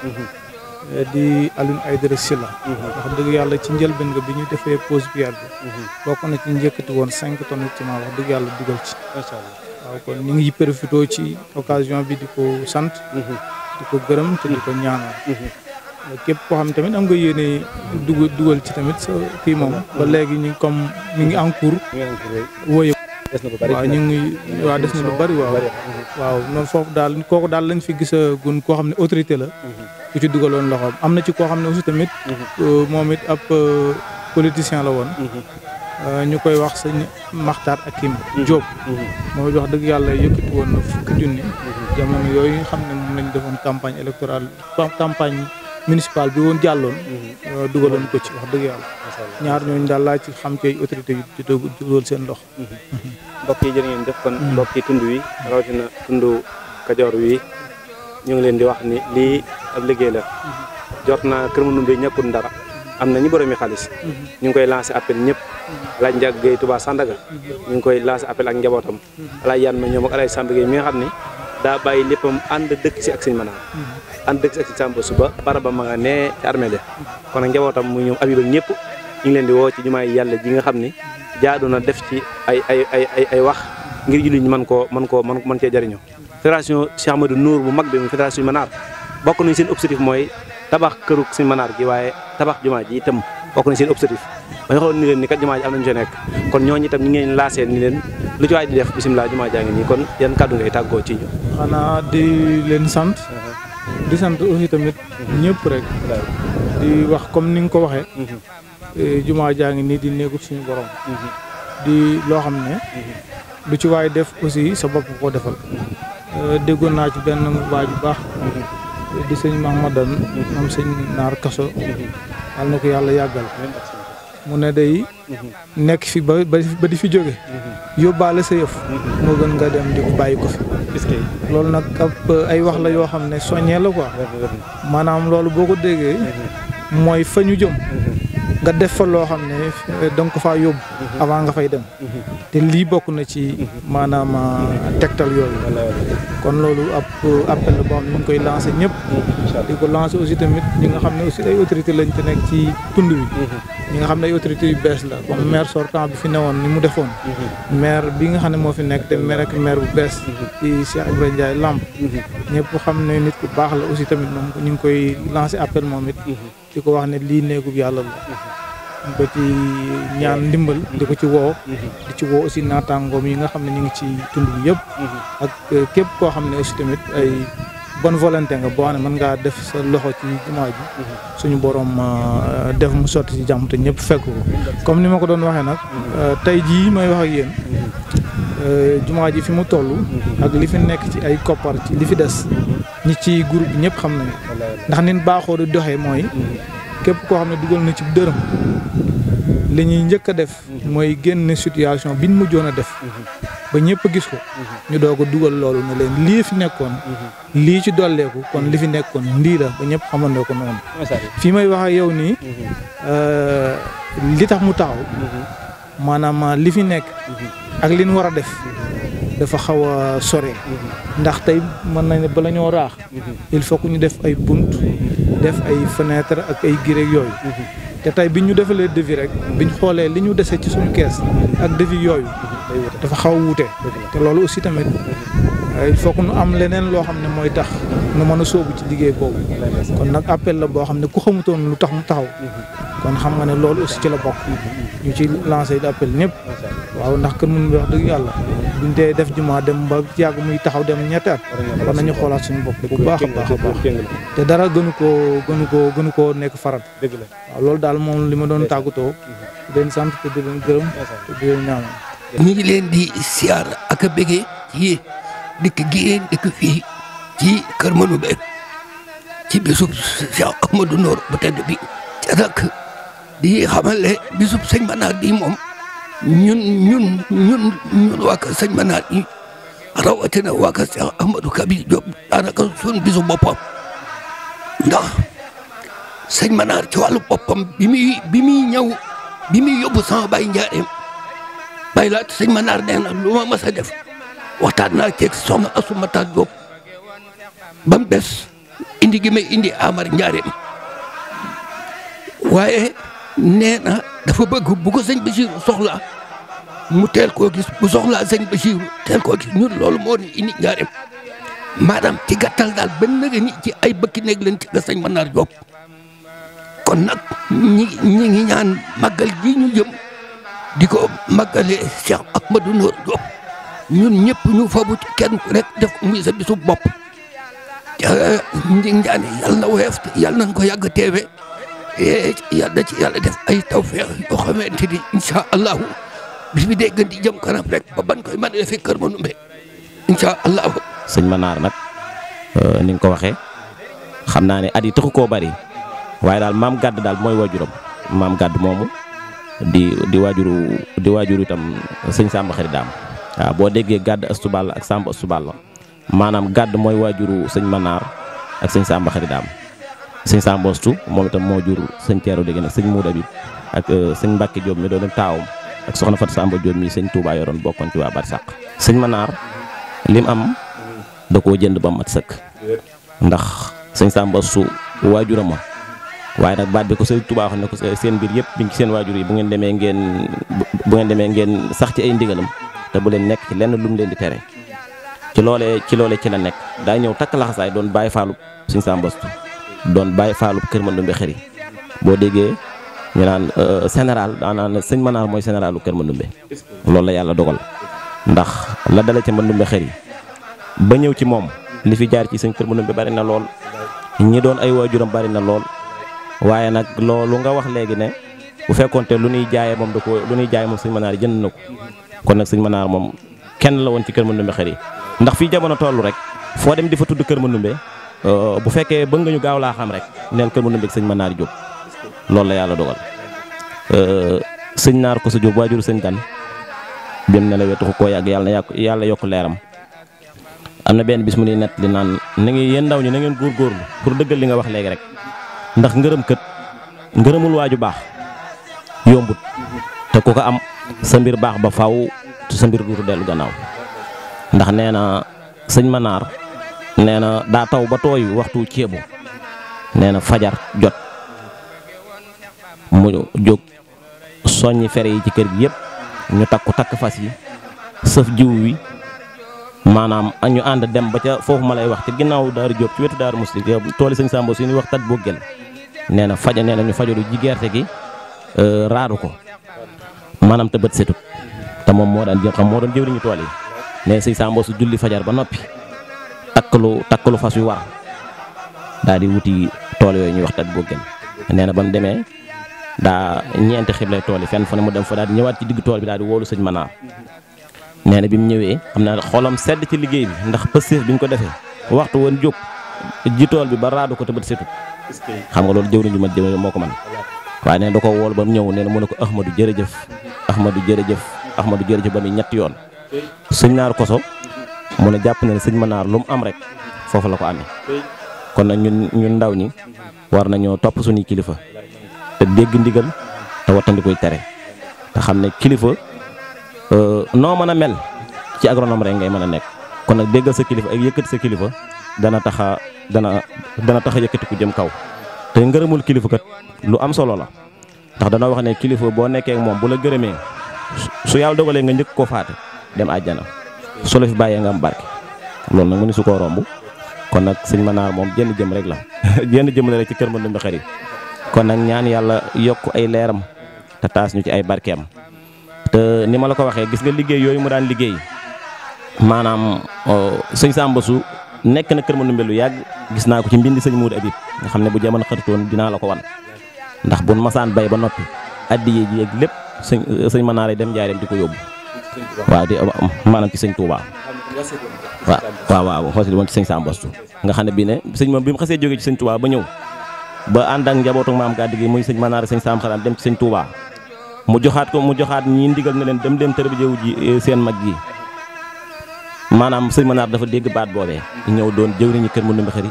di Alioune Aïdara Sylla mhm. wax dëgg yàlla ci njëlbeen nga bi ñu defee pause bière bi mhm. bokk na ci njëkkati woon cinq tonnes ci maa wax dëgg yàlla dugal ci macha allah waaw kon ñu ngi profité ci occasion bi di ko sant mhm. di ko gërëm te di ko ñaanal képp koo xam tamit am nga yéene dugal dugal ci tamit sa kii moom ba léegi ñu comme ñu ngi en cours des na lu waaw ñu ngi waaw des na lu bari waaw. waaw noonu foofu daal kooku daal lañ fi gisagun uh, koo xam ne autorité la. Mm-hmm. ku ci dugaloon loxoom am na ci koo xam ne aussi tamit. Mm-hmm. Uh, moom it ab uh, politicien la woon. Mm-hmm. ñu koy wax sëñ Maxtaar ak Kim Diop. moom it wax dëgg yàlla yëkkati woon na fukki junni. jamono yooyu nga xam ne moom lañ defoon campagne électorale campagne. municipal bi woon jàlloon. Mhm. Euh, dugaloon ko ci wax dëgg yàlla. ñaar ñooñu daal laa ci xam ci autorité yi di dugal seen loxo. Mhm. mbokk yi jërë ngeen def kon mhm. mbokk yi tund wi rawatina tund kajoor wi ñu ngi leen di wax ni lii ab liggéey la. jot naa Kër Mandoumbe ñàkkul dara. am na ñu boromi xaalis. ñu ngi koy lancé appel ñëpp. alaaj Ndiaye Guèye Touba Sandaga. ñu ngi lancé appel ak njabootam. alaaj Yann ma ñoom ak alaaj Samb Guèye mi nga xam ni daa bàyyi léppam ànd dëkk si ak ma manaam ànd dëgg si ak si Samba suba baraba ma nga nee ci armée la kon nag njabootam mu ñoom Habib ak ñëpp ñu ngi leen di woo ci jumaay yàlla ji nga xam ne jaadu na def ci ay ay ay ay wax ngir jullit ñi mën koo mën koo mën mën cee jëriñoo. fédération Cheikh Ahmadou Nour bu mag bi muy fédération bokk nañ seen objectif mooy tabax këru si Manar gi waaye tabax jumaa ji itam bokk nañ seen objectif. ba ñu xool ni leen ni kat jumaa ji am nañu ci nekk kon ñooñu itam ñu ngi leen laasee ni leen lu ci waay di def bisimilah jumaa jaa ngi nii kon yan kàddu ngay tàggoo ci sant. Uh-huh. di sant aussi tamit ñëpp rek di wax comme ni nga ko waxee eh, jumaa jaa ngi nii di néegub suñu borom di loo xam ne lu ci waay def aussi sa bopp koo defal eh, déggoon naa ci benn mu bu baax di ma Mahmadan am sëñ naar kaso yàlla ko yàlla yàggal mu ne day nekk fi ba ba di fi jóge yóbbaale sa yëf moo gën nga dem di ko bàyyi ko fi loolu nag ab euh, ay wax la yoo xam ne soññee la quoi maanaam loolu boo ko déggee mooy fa ñu jëm nga def fa loo xam ne eh, da nga ko faa yóbbu. Mhm. avant nga fay dem. Mhm. te lii bokk na ci mhm. maanaam ah, tegtal yooyu. kon loolu ab uh, appel la boo xam ne ñu ngi koy lancé ñëpp. di ko lancé aussi tamit ñi nga xam ne aussi ay autorité lañ te nekk ci tund bi. ñi nga xam ne ay autorité yu bees la comme maire sortant bi fi newoon ni mu defoon. maire bi nga xam ne moo fi nekk te maire maire bu bees. di Cheikh Ibrahima Ndiaye Lamp. xam ne nit ku baax la aussi tamit moom ñu ngi koy lancé appel moom it. di ko wax ne lii néegub yàlla ko ci ñaan ndimbal di ko ci wow mm-hmm. di ci woo aussi naataangoom yi nga xam ne ñu ngi ci tund bi yëpp mm-hmm. ak euh, képp koo xam ne aussi tamit ay bon volonté nga boo xam ne mën ngaa def sa loxo ci jumaa ji mm-hmm. suñu borom euh, def mu sotti ci jàmm te ñëpp fekk ko comme ni ma ko doon waxee nag euh, tey jii mooy wax ak yéen jumaa ji fi mu toll ak li fi nekk ci ay koppar ci li fi des ñi ci groupe bi ñëpp xam na ndax nin baaxoo di doxee mooy képp koo xam ne dugal na ci dërëm li ñuy njëkk a def mooy génn situation biñ mujjoon a def ba ñëpp gis ko ñu doog a dugal loolu ne leen lii fi nekkoon lii ci dolleeku kon li fi nekkoon lii la ba ñëpp xamandoo ko noonu fii may wax yow nii mhm. euh, li tax mu taxaw mhm. maanaam li fi nekk ak li nu war a def dafa xaw a sore ndax tey mën nañ ne bala ñoo raax il faut que ñu def ay bunt def ay fenêtre ak ay giréeg yooyu te tey bi ñu defalee devis rek biñ xoolee li ñu dese ci suñu kees ak devis yooyu dafa xaw a wuute te loolu aussi tamit il faut que am leneen loo xam ne mooy tax nu mën a soobu ci liggéey boobu kon nag appel la boo xam ne ku xamutoon lu tax mu taxaw kon xam nga ne loolu aussi ci la bokk ñu ci lancé it appel ñëpp waaw ndax kër mun bi wax dëgg yàlla duñ tee def jumaa dem ba yàgg muy taxaw dem ñetti at war nañu xoolaat suñu bopp bu baax a baax a baax te dara gënu koo gënu koo gënu koo nekk farat waaw loolu daal moom li ma doon tàggatoo di sant te di leen gërëm te di leen ñaanal ñu ngi leen di siyaar ak a bégee ci dikk gi ngeen dikk fii ci kër Manoumbe ci bisub Cheikh Ahmadou Nour bu tedd bi ca nag di xamale señ sëñ Banaat bi moom ñun ñun ñun ñun waa kër sëñ Banaat yi rawatina waa kër Cheikh Ahmadou Kabir Diop daanaka sun bisu boppam ndax sëñ Banaat ci wàllu boppam bi muy bi muy ñëw bi muy yóbbu sama bay njaareem bay laat sëñ Banaat nee na lu ma def waxtaan naa ceeg soxna Asuma Taat Diop ba mu des indi gi may indi Amar njaareem waaye nee na dafa bëgg bu ko sëñ Bachirou soxlaa mu teel koo gis bu soxlaa sëñ Bachirou teel koo gis ñun loolu moo ni indi njaareem ci gàttal daal ba nëgë ci ay bëkki néeg leen ci nga sëñ Manar Diop kon nag ñi ñi ngi ñaan màggal gi ñu jëm di ko màggalee Cheikh Ahmadou Nour Diop ñun ñëpp ñu fabu ci kenn rek def muy sa bisu bopp ñi ngi ñaan na woyof yàlla nañ ko yàgg teewe Eh, yàlla ci yàlla def ay tawféex yoo xamante ni incha allahu bis bi day gën di jëm rek ba ban koy mën a defee Kër Mandoumbe incha allahu. sëñ Manar nag euh, ni nga ko waxee xam naa ne at yi taxu koo bari waaye daal maam gàdd daal mooy waajuram maam gàdd moomu di di waajuru di waajuru itam sëñ Samba Xarit Daam waaw boo déggee gàdd Astu Balla ak Samba Astu Balla maanaam gàdd mooy waajuru sëñ Manar ak sëñ Samba Xarit sëñ Sambostu moom itam moo jur sëñ Thierno Dégg nag sëñ Mouda bi ak euh, sëñ Mbacke Diop mi doon dem taawam ak soxna Fatou Samba mii mi sëñ Touba yoroon bokkoon ci waa Barsàq sëñ Manaar lim am da koo jënd ba mat sëkk ndax sëñ Sambostu waajuram ma waaye nag baat bi ko sëñ Touba wax ne ko euh, seen mbir yëpp bi ci seen waajur yi bu ngeen demee ngeen bu ngeen demee sax ci ay ndigalam te bu leen nekk lenn lu mu leen di tere ci loole ci loole ci la nekk daa ñëw takk laxasaay doon bàyyi faalu sëñ Sambostu doon bàyyi faalu kër Mandoumbe xëri boo déggee ñu naan euh, général daanaan sëñ Manar mooy généralu kër Mandoumbe loolu la yàlla dogal ndax la dale ca Mandoumbe xëri ba ñëw ci moom li fi jaar ci sëñ kër Mandoumbe bari na lool ñi doon ay waajuram bari na lool waaye nag loolu nga wax léegi ne bu fekkoonte lu nuy jaayee moom da ko lu ñuy jaayee moom sëñ Manar jënd na ko kon nag sëñ Manar moom kenn la woon ci kër Mandoumbe xëri ndax fii jamono tollu rek foo dem di fa tudd Euh, bu fekkee bëgg nga ñu gaaw laa xam rek neel kër mu ne mbég sëñ Manar Diop loolu la yàlla dogal euh, sëñ Naar ko sa Diop waajur sëñ gan bi mu ne la wetu ko yàgg yàlla na yàlla yokk leeram am na benn bis mu ni nett li naan na ngeen yéen ndaw ñi na ngeen góorgóorlu pour dëggal li nga wax léegi rek ndax ngërëm kët ngërëmul waaju baax yombut te ku ko am sa mbir baax ba faw sa mbir duutu dellu gannaaw ndax nee na sëñ Manar nee na daa taw ba tooy waxtu ceebu nee na fajar jot mu jóg soññi fere yi ci kër gi yëpp ñu takku takk fas yi sëf jiw wi maanaam ñu ànd dem ba ca foofu ma lay wax ci ginnaaw daaru Jóob ci wetu daaru Musti tooli sëñ Samba suñuy wax tat boo gel nee na faja nee na ñu fajaru ji gerte gi euh, raadu ko maanaam te bët setut te moom moo daan jëm xam moo doon jëwriñu tool yi nee sëñ Samba su julli fajar ba noppi takkalu takkalu fas yu war daal di wuti tool yooyu ñuy wax tat boggen nee na ba mu demee daa ñeenti xiblay tool yi fenn fu ne mu dem fa daal di ñëwaat ci digg tool bi daal di woolu sëñ ma nee na bi mu ñëwee xam naa xolam sedd ci liggéey bi ndax pëstéef bi ñu ko defee waxtu woon jóg ji tool bi ba raadu ko te bët setut xam nga loolu jëwriñ ju ma jëwriñ moo ko mën waaye nee na ko wool ba mu ñëw nee na mu ne ko ahmadou jërëjëf ahmadou jërëjëf ahmadou jërëjëf ba muy ñetti yoon sëñ naar koso mu ne jàpp na ne ma naar lu mu am rek foofu la ko amee kon nag ñun ñun ndaw ñi war nañoo topp suñuy kilifa te dégg ndigal te wattandi tere te xam ne kilifa euh, noo mën a mel ci agronom rek ngay mën a nekk kon nag déggal sa kilifa ak yëkkati sa kilifa dana taxa dana dana taxa yëkkati ku jëm kaw te ngërëmul kilifa lu am solo la ndax dana wax ne kilifa boo nekkee moom bu la gërëmee su yàlla dogalee nga njëkk koo faate dem àjjana solo la fi bàyyee nga am barke loolu nag mu ni su ko romb kon nag sëñ ma Manar moom jenn jëm rek la jenn jëm la rek ci kër ma ndumbi xarit kon nag ñaan yàlla yokk ay leeram te taas ñu ci ay barkeem te ni ma la ko waxee gis nga liggéey yooyu mu daan liggéey maanaam sëñ Samba Su nekk na kër ma ndumbi lu yàgg gis naa ko ci mbindi sëñ Muudu Abib nga xam ne bu jamono xaritoon dinaa la ko wan ndax bu masaan bay ba noppi addiye ji ak lépp sëñ sëñ Manar dem njaareem di ko yóbbu waaw di maanaam ci sëñ Touba waaw waaw waaw xasida woon ci sëñ Sam Bastu nga xam ne bii ne sëñ moom bi mu xasee jógee ci sëñ Touba ba ñëw ba ànd ak njabootu maam gàdd gi muy sëñ Manaar sëñ Sam Xaram dem ci sëñ Touba mu joxaat ko mu joxaat ñi ndigal na leen dem dem tërbiyewu ji eh, seen mag gi maanaam sëñ Manaar dafa dégg baat boobee ñëw doon jëwriñu kër mu ndumbi xëri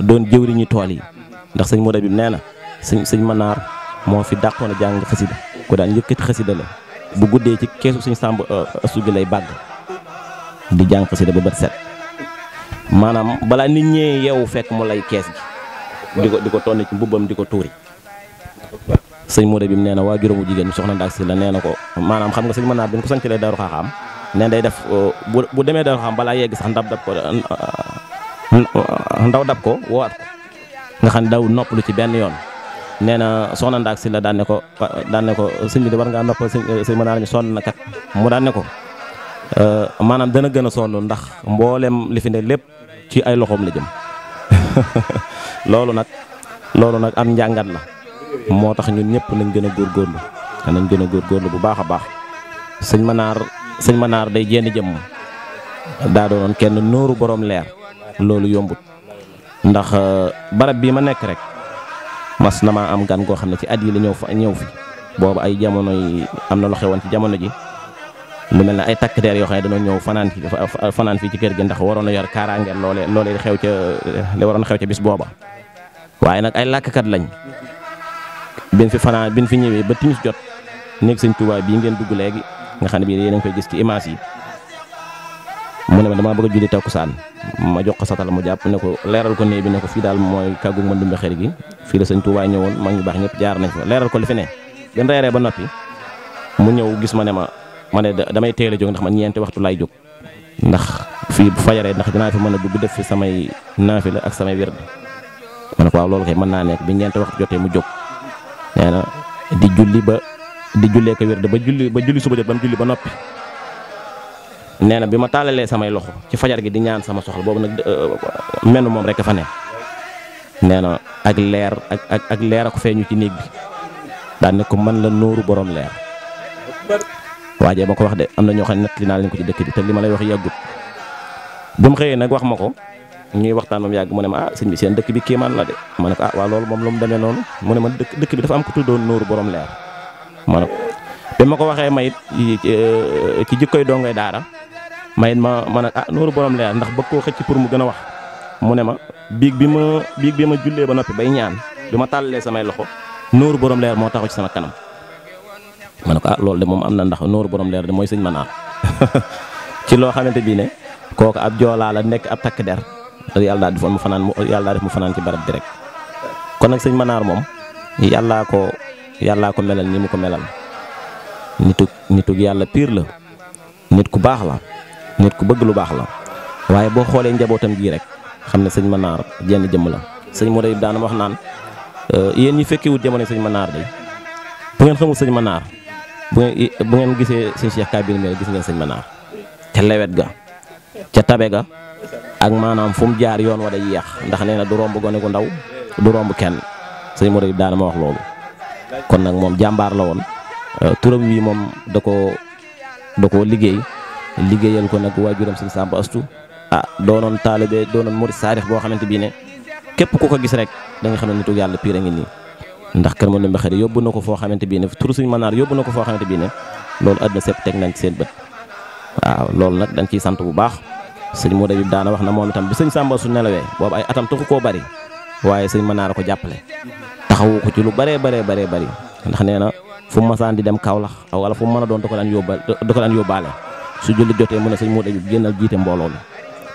doon jëwriñu tool yi ndax sëñ Mourad bi nee na sëñ sëñ Manaar moo fi dàqoon a jàng xasida bu guddee ci keesu suñu sàmb astu gi lay bàgg di jàng xasida ba bët set maanaam balaa nit ñee yeewu fekk mu lay kees gi di ko di ko tonni ci mbubbam di ko tuuri sëñ Modou bi mu nee na waa juróomu jigéen ñi soxna Ndaak si la nee na ko maanaam xam nga sëñ mën naa bi ñu ko sancalee Daaru Xaaxaam nee day def euh, bu bu demee Daaru Xaaxaam balaa yegg sax ndab dab ko euh, ndaw dab ko woowaat ko nga xam ne daw noppalu ci benn yoon nee na soxna Ndaak si daan ne ko daan ne ko sëñ bi de war ngaa noppal sëñ mën naa ñu sonn na mu daane ne ko euh, maanaam dana gën a sonn ndax mboolem li fi ne lépp ci ay loxoom la jëm loolu nag loolu nag am njàngat la moo tax ñun ñëpp nañ gën a góorgóorlu nañ gën a góorgóorlu bu baax a baax sëñ Manaar sëñ Manaar day jénn jëmm daa doonoon kenn nooru boroom leer loolu yombut ndax euh, barab bii ma nekk rek. mas na maa am gan goo xam ne ci at yi la ñëw fa ñëw fi boobu ay jamono yi am na lu xewoon ci jamono ji lu mel na ay takk yoo xam ne dañoo ñëw fanaan fi fii ci kër gi ndax waroon a yor kaaraange loolee loolee xew ca li waroon xew ca bis booba waaye nag ay làkkat lañ bin fi fanaan bi nu fi ñëwee ba timis jot néeg sëñ Tuubaa bii ngeen dugg léegi nga xam ne bii yéen a koy gis ci image yi mu ne ma damaa bëgg a ku takkusaan ma jox ko satal mu jàpp ne ko leeral ko néeg bi ne ko fii daal mooy kàggu ma ndumbe xër gi fii la sëñ Tuubaa ñëwoon mag ñu baax ñëpp jaar nañ fa leeral ko li fi ne bi mu reeree ba noppi mu ñëw gis ma ne ma ma ne damay teel a jóg ndax man ñeenti waxtu lay jóg ndax fii bu fajaree ndax dinaa fi mën a dugg def fi samay naafila ak samay wird ma ne ko waaw loolu kay mën naa nekk bi ñeenti waxtu jotee mu jóg nee na di julli ba di jullee ko ba julli ba julli suba jot ba mu ba noppi nee na bi ma tàllalee samay loxo ci fajar gi di ñaan sama soxla boobu nag euh, menn moom rek a fa ne nee na ak leer ak ak ak leer a ko feeñu ci néeg bi daan ne ko man la nooru borom leer waa waajee ma ko wax de am na ñoo xam ne nett naa leen ko ci dëkk bi te li ma lay wax yàggut bi xëyee nag wax ma ko ñuy waxtaan moom yàgg mu ne ma ah seen dëkk bi kéemaan la de ma ne ko ah waaw loolu moom lu mu demee noonu mu ne ma dëkk dëkk bi dafa am ko tuddoon nooru borom leer ma ne ko bi ma ko waxee ma it euh, ci jikkoy dongay daara mayit ma ma ne ah borom leer ndax bëgg koo xëcc pour mu gën a wax mu ne ma biig bi ma biig bi ma jullee ba noppi bay ñaan bi ma tàllalee samay loxo nooru borom leer moo taxaw ci sama kanam ma ne ko ah loolu de moom am na ndax nooru borom leer di mooy sëñ manaar ci loo xamante bii ne kooku ab joolaa la nekk ab takk der yàllaa di defoon mu fanaan mu yàlla def mu fanaan ci barab bi rek kon nag sëñ manaar moom yàllaa ko yàllaa ko melal ni mu ko melal nitug nitug yàlla piir la ku baax la nit ku bëgg lu baax la waaye boo xoolee njabootam gii rek xam ne sëñ Manar jenn jëmm la sëñ Modou Ibe daana wax naan euh, yéen ñi fekkewut jamono sëñ Manar day bu ngeen xamul sëñ Manar bu bu ngeen gisee sëñ Cheikh Kabir gis ngeen sëñ Manar te lewet ga ca tabe ga ak maanaam fu jaar yoon wa day yeex ndax nee na du romb gone gu ndaw du romb kenn sëñ Modou Ibe daana ma wax loolu kon nag moom jàmbaar la woon euh, turam wi moom da koo da koo liggéey liggéeyal ko nag waa waajuram sëñ Samba Astou ah doonoon taalibe doonoon murid saarix boo xamante bii ne képp ku ko gis rek da nga xam ne nitu yàlla piir a ngi nii ndax kër ma numbe xëy yóbbu na ko foo xamante bii ne tur suñ manaar yóbbu na ko foo xamante bii ne loolu àdduna sépp teg nañ seen bët waaw loolu nag dañ ciy sant bu baax sëñ Modou Habib daana wax na moom itam bi sëñ Samba Astou nelawee boobu ay atam taxu koo bari waaye sëñ manaar a ko jàppale taxawu ko ci lu baree baree baree bari ndax nee na fu masaan di dem Kaolack wala fu mën a doon da ko daan yóbbaale da ko daan yóbbaale su julli jotee mu ne sëñ Modou Ayib génnal jiite mbooloo mi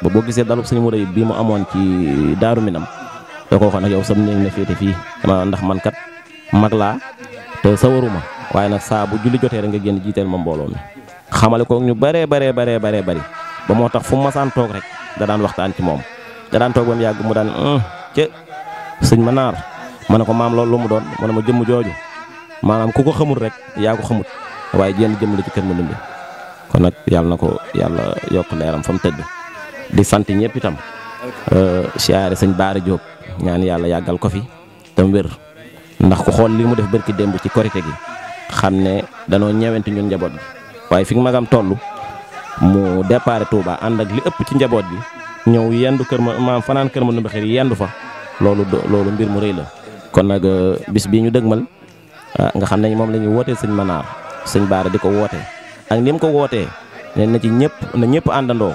ba boo gisee dalub sëñ Modou Ayib bii mu amoon ci daaru mi da ko waxoon nag yow sam néeg na féete fii ndax man kat mag laa te sawaruma waaye nag saa bu julli jotee rek nga génn jiiteel ma mbooloo mi xamale ko ñu bare baree baree baree bari ba moo tax fu mu masaan toog rek da daan waxtaan ci moom da daan toog ba mu yàgg mu daan ca sëñ ma naar ma ne ko maam loolu lu mu doon ma ne ma jëmm jooju maanaam ku ko xamul rek yaa ko waaye jenn jëmm la ci kër ma kon nag yàlla na ko yàlla yokk leeram fa mu tëdd di sant ñëpp itam euh, siyaare sëñ Baara Diop ñaan yàlla yàggal ko fi tam wér ndax ku xool li mu def bërki démb ci korite gi xam ne danoo ñewenti ñun njaboot gi waaye fi nga magam tollu mu départ Touba ànd ak li ëpp ci njaboot bi ñëw yendu kër ma maam fanaan kër ma nu xir yendu fa loolu loolu mbir mu rëy la kon nag euh, bis bii ñu dëgmal ah, nga xam ne moom lañuy wootee sëñ Manaar sëñ Baara di ko wootee ak ni ko wootee ne na ci ñëpp na ñëpp àndandoo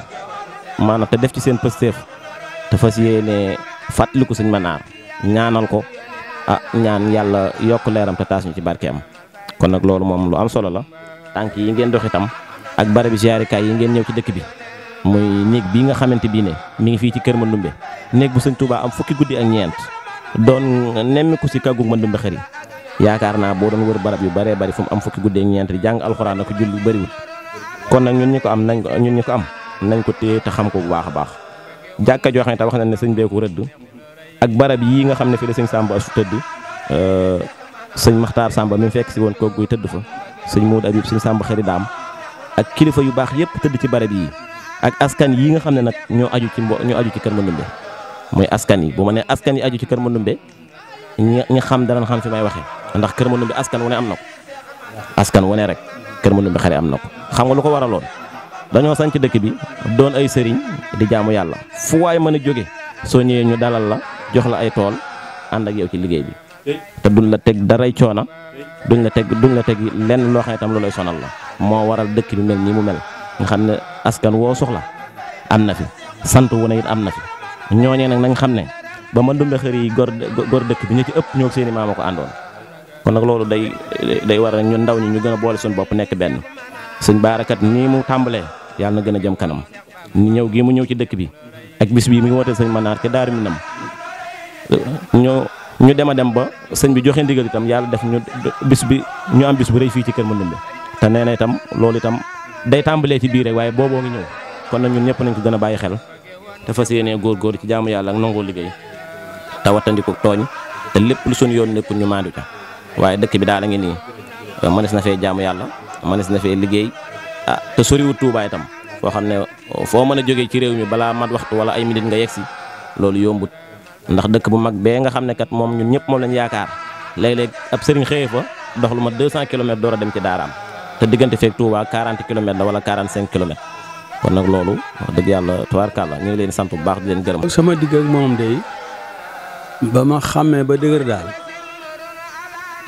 maanaam te def ci seen pësteef te fas yéene fàttaliku sëñ Manar ñaanal ko a ah, ñaan yàlla yokk leeram te taas ci barke am kon nag loolu moom lu am solo la tànk yi ngeen dox itam ak barabi ziarikaay yi ngeen ñëw ci dëkk bi muy néeg bii nga xamante bii ne mi ngi fii ci kër Mandoumbe néeg bu sëñ Touba am fukki guddi ak ñeent doon nemmiku si kàggu Mandoumbe xër yaakaar naa boo doon wër barab yu baree bari fu mu am fukki guddee ñeent di jàng alxuraan ak julli bëriwul kon nag ñun ñi ko am nañ ko ñun ñi ko am nañ ko téye te xam ko bu baax a baax jàkka joo xam ne tam wax nañ ne sëñ bee ko rëdd ak barab yii nga xam ne fii la sëñ Samba Assou tëdd euh, sëñ Makhtar Samba mi fekk si woon kooku tëdd fa sëñ Moud Abib sëñ sàmba xëri daam ak kilifa yu baax yëpp tëdd ci barab yii ak askan yi nga xam ne nag ñoo aju ci mbo ñoo aju ci Kër Mandoumbe mooy askan yi bu ma askan yi aju ci Kër Mandoumbe ñi xam danañ xam fi may waxee ndax Kër bi askan wu am na ko askan wu rek Kër bi xale am na ko xam nga lu ko waraloon dañoo sanc dëkk bi doon ay sëriñ di jaamu yàlla fu waay mën a jóge soo ñëwee ñu dalal la jox la ay tool ànd ak yow ci liggéey bi te duñ la teg daray coona duñ la teg duñ la teg lenn loo xam ne tam lu lay sonal la moo waral dëkk bi mel nii mu mel nga xam ne askan woo soxla am na fi sant wu ne it am na fi ñooñee nag nañ xam ne ba Mandoumbe xër yi gor gor dëkk bi ñu ci ëpp ñoo seeni maama ko àndoon kon nag loolu day day war waral ñun ndaw ñi ñu gën a boole suñu bopp nekk benn sëñ baarakat nii mu tàmbalee yàlla na gën a jëm kanam ñëw gii mu ñëw ci dëkk bi ak bis bii mu wootee sëñ Manar te Daaru Minam ñu ñu dem a dem ba sëñ bi joxe ndigal itam yàlla def ñu bis bi ñu am bis bu rëy fii ci Kër bi te nee na itam loolu itam day tàmbalee ci biir rek waaye booboo ngi ñëw kon nag ñun ñëpp nañ ko gën a bàyyi xel te fas yéenee góor-góor ci jaamu yàlla ak nangoo liggéey te wattandiku tooñ te lépp lu suñu yoon nekkul ñu maandu ca waaye dëkk bi daal a ngi nii euh, mënees na fee jaamu yàlla mënees na fee liggéey ah te soriwul tuubaay itam foo xam ne euh, foo mën a jógee ci réew mi balaa mat waxtu wala ay minute nga yegg si loolu yombut ndax dëkk bu mag bee nga xam ne kat moom ñun ñëpp moom lañ yaakaar léeg-léeg ab sëriñ xëyee fa dox lu ma 200 kilomètres door a dem ci daaraam te diggante feeg Touba 40 kilomètres la wala 45 kilomètres kon nag loolu wax dëgg yàlla tubaarkàlla ñu ngi leen sant bu baax di leen gërëm. sama digg ak moom day ma xàmmee ba dëgër daal.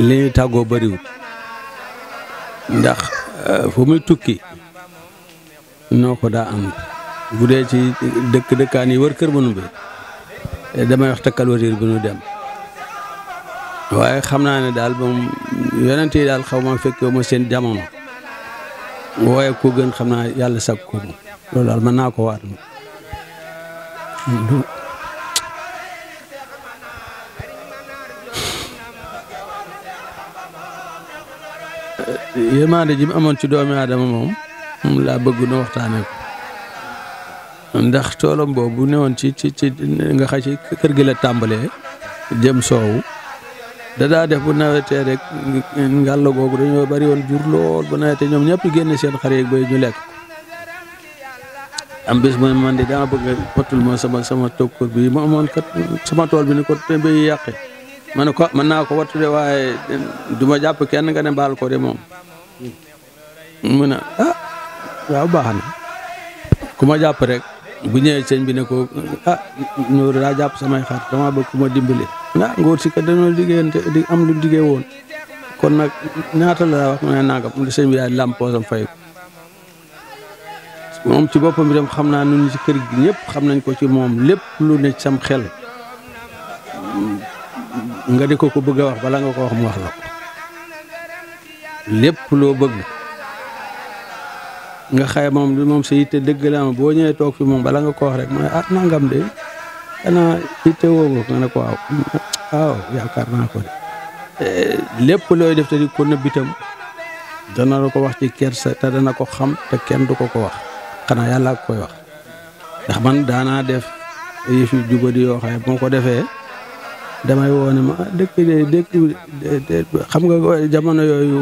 li ñuy tàggoo bariwut ndax euh, fu muy tukki noo ko daa am bu dee ci dëkk dëkkaan yi wër kër mënu bi eh, damay wax takkal watiir bi nu dem waaye xam naa ne daal moom yonent yi daal xaw ma fekkee ma seen jamono wooye ku gën xam naa yàlla sag ko moom loolu daal naa ko waat yërmande ji mu amoon ci doomi aadama moom moom laa bëgg nu waxtaanee ko ndax toolam boobu newoon ci ci ci nga xam ci kër gi la tàmbalee jëm soowu da def bu nawetee rek ngàll googu dañoo bari woon jur lool bu nawetee ñoom ñëpp génn seen xar yeeg bay ñu lekk am bés mooy man de dama bëgg nga ma sama sama tokkoor bi ma amoon kat sama tool bi ni ko bay yàqee ma ne ko mën naa ko wattu de waaye du ma jàpp kenn nga ne baal ko de moom mu ne ah waaw baax ku ma jàpp rek bu ñëwee sëñ bi ne ko ah daa jàpp samay xar dama bëgg ku ma dimbali ah ngóor si kat dañoo di am lu liggéey woon kon nag ñaata la wax mu ne nangam mu ne sëñ bi daal lampoosam fay moom ci boppam itam xam naa nun si kër gi ñëpp xam nañ ko ci moom lépp lu ne sam xel nga di ko ko bëgg a wax bala nga ko wax mu wax la ko lépp loo bëgg nga xay moom li moom sa yitte dëgg la ma boo ñëwee toog fi moom bala nga ko wax rek mooy ah nangam de xanaa yitte woo nga ne ko waaw waaw yaakaar naa ko de eh, lépp looy def te di ko nëbb itam dana la ko wax ci kersa te dana ko xam te kenn du ko ko wax xanaa yàlla ak koy wax ndax man daanaa def yëf yu jubadi yoo xam moo ko defee damay woo ne ma ah, dëkk de dëkk xam nga jamono yooyu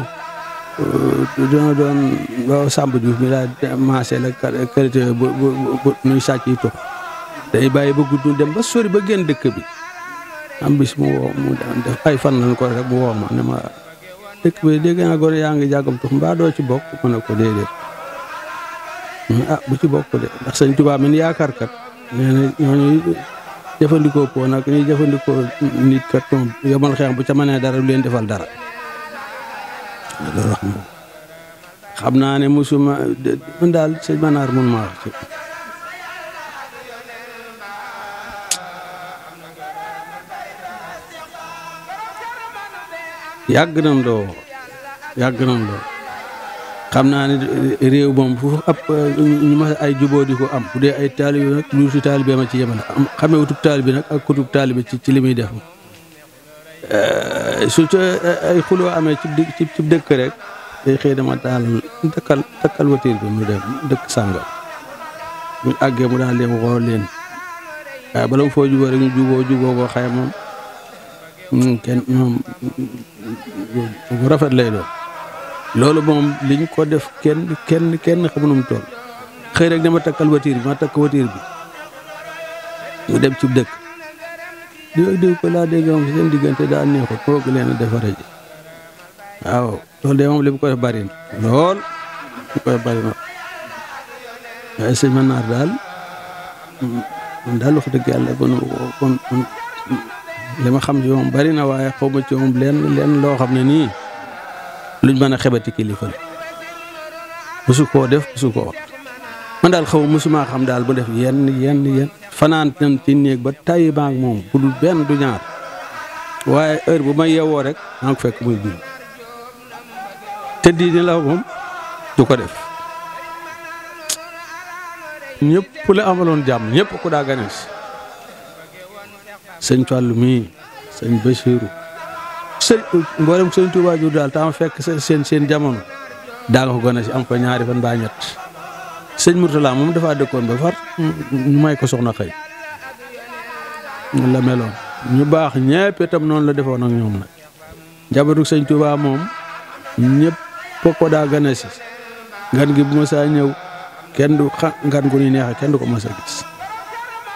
euh, dina doon waaw Samb Diouf mi daal maasee la qualité yooyu bu bu muy yi tux day bàyyi ba gudd dem ba sori ba génn dëkk bi am bis mu woo mu def ay fan lañ ko rek mu woo ma ne ma dëkk bi dégg naa gone yaa ngi jàggam tux mbaa doo ci bokk mu ne ko déedéet ah bu ci bokk de ndax sëñ Tuubaa mi yaakaar kat nee na ñooñu jëfandikoo po nag ñuy jëfandikoo nit kat moom yomal xeex bu ca mënee dara du leen defal dara loolu xam naa ne musuma man daal sëñ Manaar mun maa wax ci yàgg nañ doo yàgg nañ doo xam naa ne réew moom fu ab ñu ma ay jubóo di ko am bu dee ay taalibi nag lu si taalibe ma ci yemale am xamee wutub taalibi nag ak kutub taalibi ci li muy def su ca ay xuloo amee ci ci dëkk rek day xëy dama taal takkal takkal watiir bi mu dëkk sànga mu àggee mu daal leen xool leen waaye bala mu foo jubóo rek ñu jubóo jubóo boo xaye moom kenn moom bu rafet lay doon loolu moom liñ ko def kenn kenn kenn xamu tool xëy rek dama takkal watiir bi ma takk watiir bi ñu dem ci dëkk diw diw ko laa dégg moom seen diggante daa neexut leen a defaree ji waaw loolu de moom li mu koy lool bari ma waaye sëñ ma daal man daal wax dëgg yàlla li ma xam ci moom bari na waaye xaw ci moom lenn lenn loo xam ne nii luñ mën a xebati kilifa la mosu koo def mosu koo wax man daal xaw mosumaa xam daal bu def yenn yenn yenn fanaan nan néeg ba tàyyi baak moom bu dul benn du ñaar waaye heure bu may yewoo rek maa fekk muy bind te di ni la moom du ko def ñëpp la amaloon jàmm ñëpp ku daa ganes sëñ Fallou mii sëñ Bachirou sëñ mboolem sëñ Touba jur daal taama fekk seen seen jamono daa nga ko gone am ko ñaari fan baa ñett sëñ Mourtala moom dafaa dëkkoon ba far may ko soxna xëy la meloon ñu baax ñëpp itam noonu la defoon ak ñoom nag njabootu sëñ Touba moom ñëpp ko daa gane si ngan gi bu ma saa ñëw kenn du xa ngan gu ñuy neexee kenn du ko mos a gis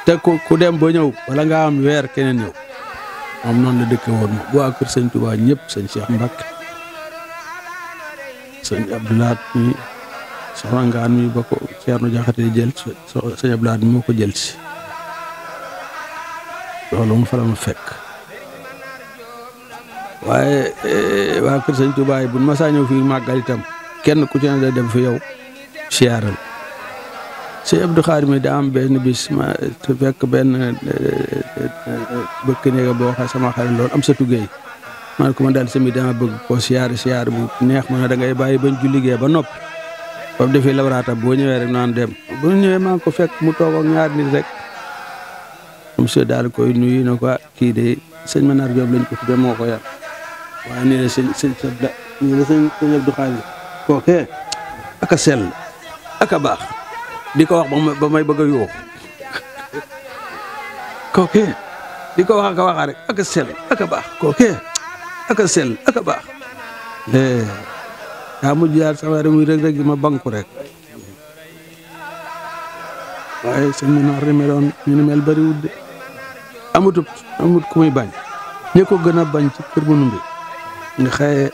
te ku dem ba ñëw wala nga am weer keneen ñëw moom noonu la dëkke woon waa kër sëñ Tuubaa ñëpp sëñ Cheikh Mbacke sëñ Abdoulaat mi soxna Ngaan mi ba ko Ceerno Jaxate jël sëñ Abdoulaat mi moo ko jël si loolu mu fa la ma fekk waaye eh, waa kër sëñ Tuubaa yi buñ masaa ñëw fii màggal itam kenn ku ci ne day dem fi yow siyaaral sëñ Abdou Khadr mi daa am benn bis ma eh, fekk benn eh, eh, bëkk néega boo xam sama xarit lool am sa tuggéey ma ne ko man daal sami dama bëgg ko siyaar siyaar bu neex ma ne da ngay bàyyi bañ julligee ba nopp ba mu defee labaraatam boo ñëwee rek naan dem bu ñëwee maa ngi ko fekk mu toog ñaar nit rek monsieur daal koy nuyu na ko ah, kii de sëñ Manar Diop lañ ko tuddee moo ko yar waaye nee na la sëñ Abdou baax di ko wax ba may bëgg a yuux di ko wax ak a waxaa rek ak a sell ak a baax kooke ak a sell ak a baax eh, daa mujj yaar rek rek rek di ma rek waaye sëñ bi noor li ñu ne mel bëriwul de amutut amut ku muy bañ ñi ko gën a bañ ci kër bu numbi nga xëye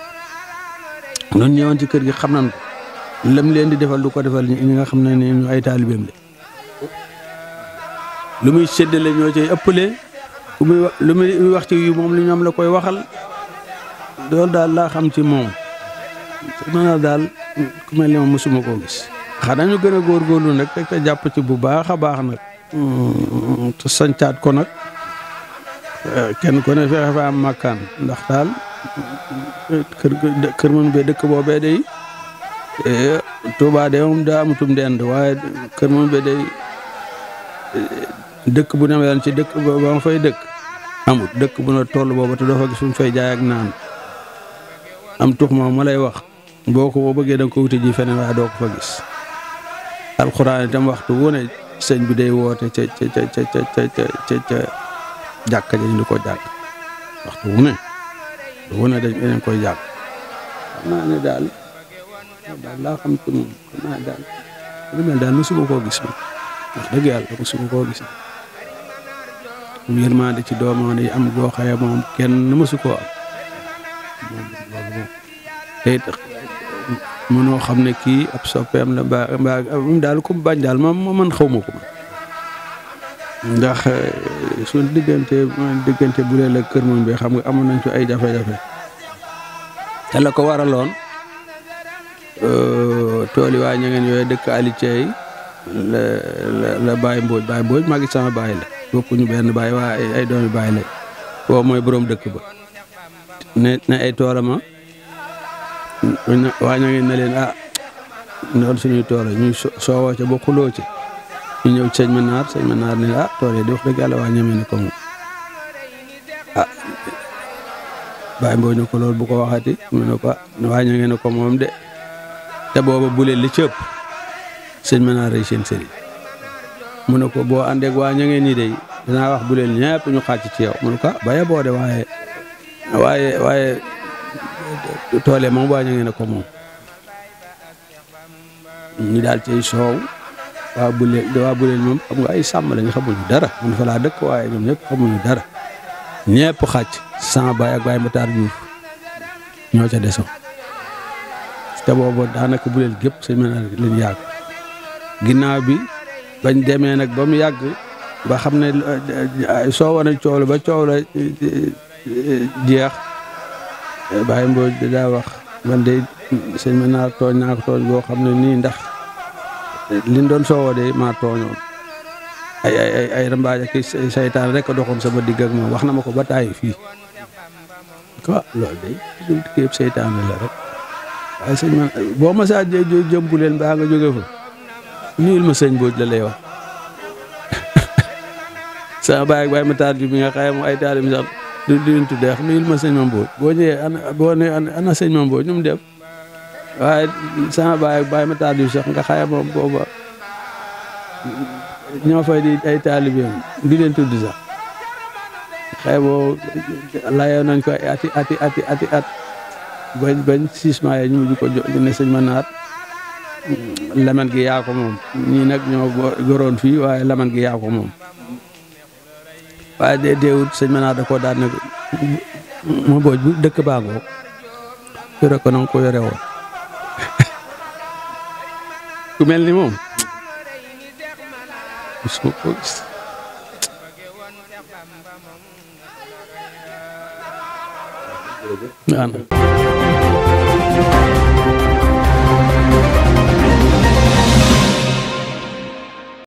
noonu ñëwoon ci kër gi xam na ko lam leen di defal du ko defal ñi nga xam ne ni ñu ay taalibeem la lu muy séddale ñoo cay ëppale lu muy lu muy wax ci yu moom lu ñoom la koy waxal loolu daal laa xam ci moom mën daal ku mel ne ma mosuma koo gis xanaa ñu gën góor góorgóorlu nag te jàpp ci bu baax a baax nag mm, sancaat ko nag eh, kenn ko ne fexe fa am màkkaan ndax daal kër kër mën bee dëkk boobee day E, Touba de moom daa amatum dend waaye kër moom be day dëkk bu nemelan ci dëkk ba ma fay dëkk amut dëkk bu na toll booba te doo fa gis fu mu wax boo ko bëggee da nga ko wuti ji waaye doo ko fa gis alxuraan itam waxtu wu ne bi day woote ca ca ca ca jàkka ja ñu di ko jàkk waxtu wu dañ koy jàkk xam naa daal daal laa xam ci moom xam naa daal lu mel daal mosuma koo gis moom wax dëgg yàlla mosuma koo gis ci doomu yi am goo xaye moom kenn mosu koo am moom loolu moom xam ne kii ab soppeem la ba mbaa moom daal ku bañ daal moom moo man xaw ma ko ndax eh, suñu diggante diggante bu lee la kër moom bi xam nga amoon nañ fi ay jafe-jafe te la ko waraloon Euh, tooli waa ña ngeen a dëkk Ali Thiey la la la Baye Mbodj Baye sama baay la bokkuñu benn baay waa ay doomi baay la boobu mooy borom dëkk ba ne ne ay toorama ah. waa ña ngeen leen ah noonu suñuy toora ñuy soowoo ca bokkuloo ci ñu ñëw sëñ ma naar sëñ ma naar ne ah tool yi di wax dëgg yàlla waa ñeme ne ko ko moom de te booba bu li cëpp sëñ mën naa rëy seen sëriñ mu ne ko boo àndeeg waa ña ngeen ñi de dinaa wax bu leen ñëpp ñu xàcc ci yaw mu ne ko ah, ba boo de waaye waaye waaye toole moom waa ña ngeen ko moom ñu daal cay soow waa bu bu leen moom xam nga ay sàmm lañu xamuñu dara man fa laa dëkk waaye ñoom ñëpp xamuñu dara ñëpp xàcc sans baay ak baay mataar juuf ñoo ca desoon te boobu daanaka bu leen gépp sëñ mën a leen yàgg ginnaaw bi bañ demee nag ba mu yàgg ba xam ne eh, soo wane coow la ba coow la eh, jeex eh, Baye Mbodj di daa wax man de sëñ mën naa tooñ naa tooñ boo xam ne nii ndax liñ doon soowoo de maa tooñoon ay ay ay ay rambaaj ak rek a doxoon sama digg ak moom wax na ma ko ba tàyyi fii quoi loolu de yëpp saytaan la rek. waaye boo ma saa jëmbu leen baa nga jóge fa nuyul ma sëñ Mbodj la lay wax sama baay ak baay ma taal ju bi nga xayma ay taalim sax du duñ tuddee wax nuyul ñu mu def waaye sama baay ak baay ma taal ju sax nga xayma booba ñoo fay di ay taalibeem di leen tudd sax xayma layoon nañ ko ati ati ati at. bañ bañ sisement ya ñu mujj ko ñu ne sëñ Manar laman gi yaa ko moom ñii nag ñoo goroon fii waaye laman gi yaa ko moom waaye de deewut sëñ Manar da koo daan ma booj bu dëkk baangoo yore ko na nga ko yore ku mel ni moom musuma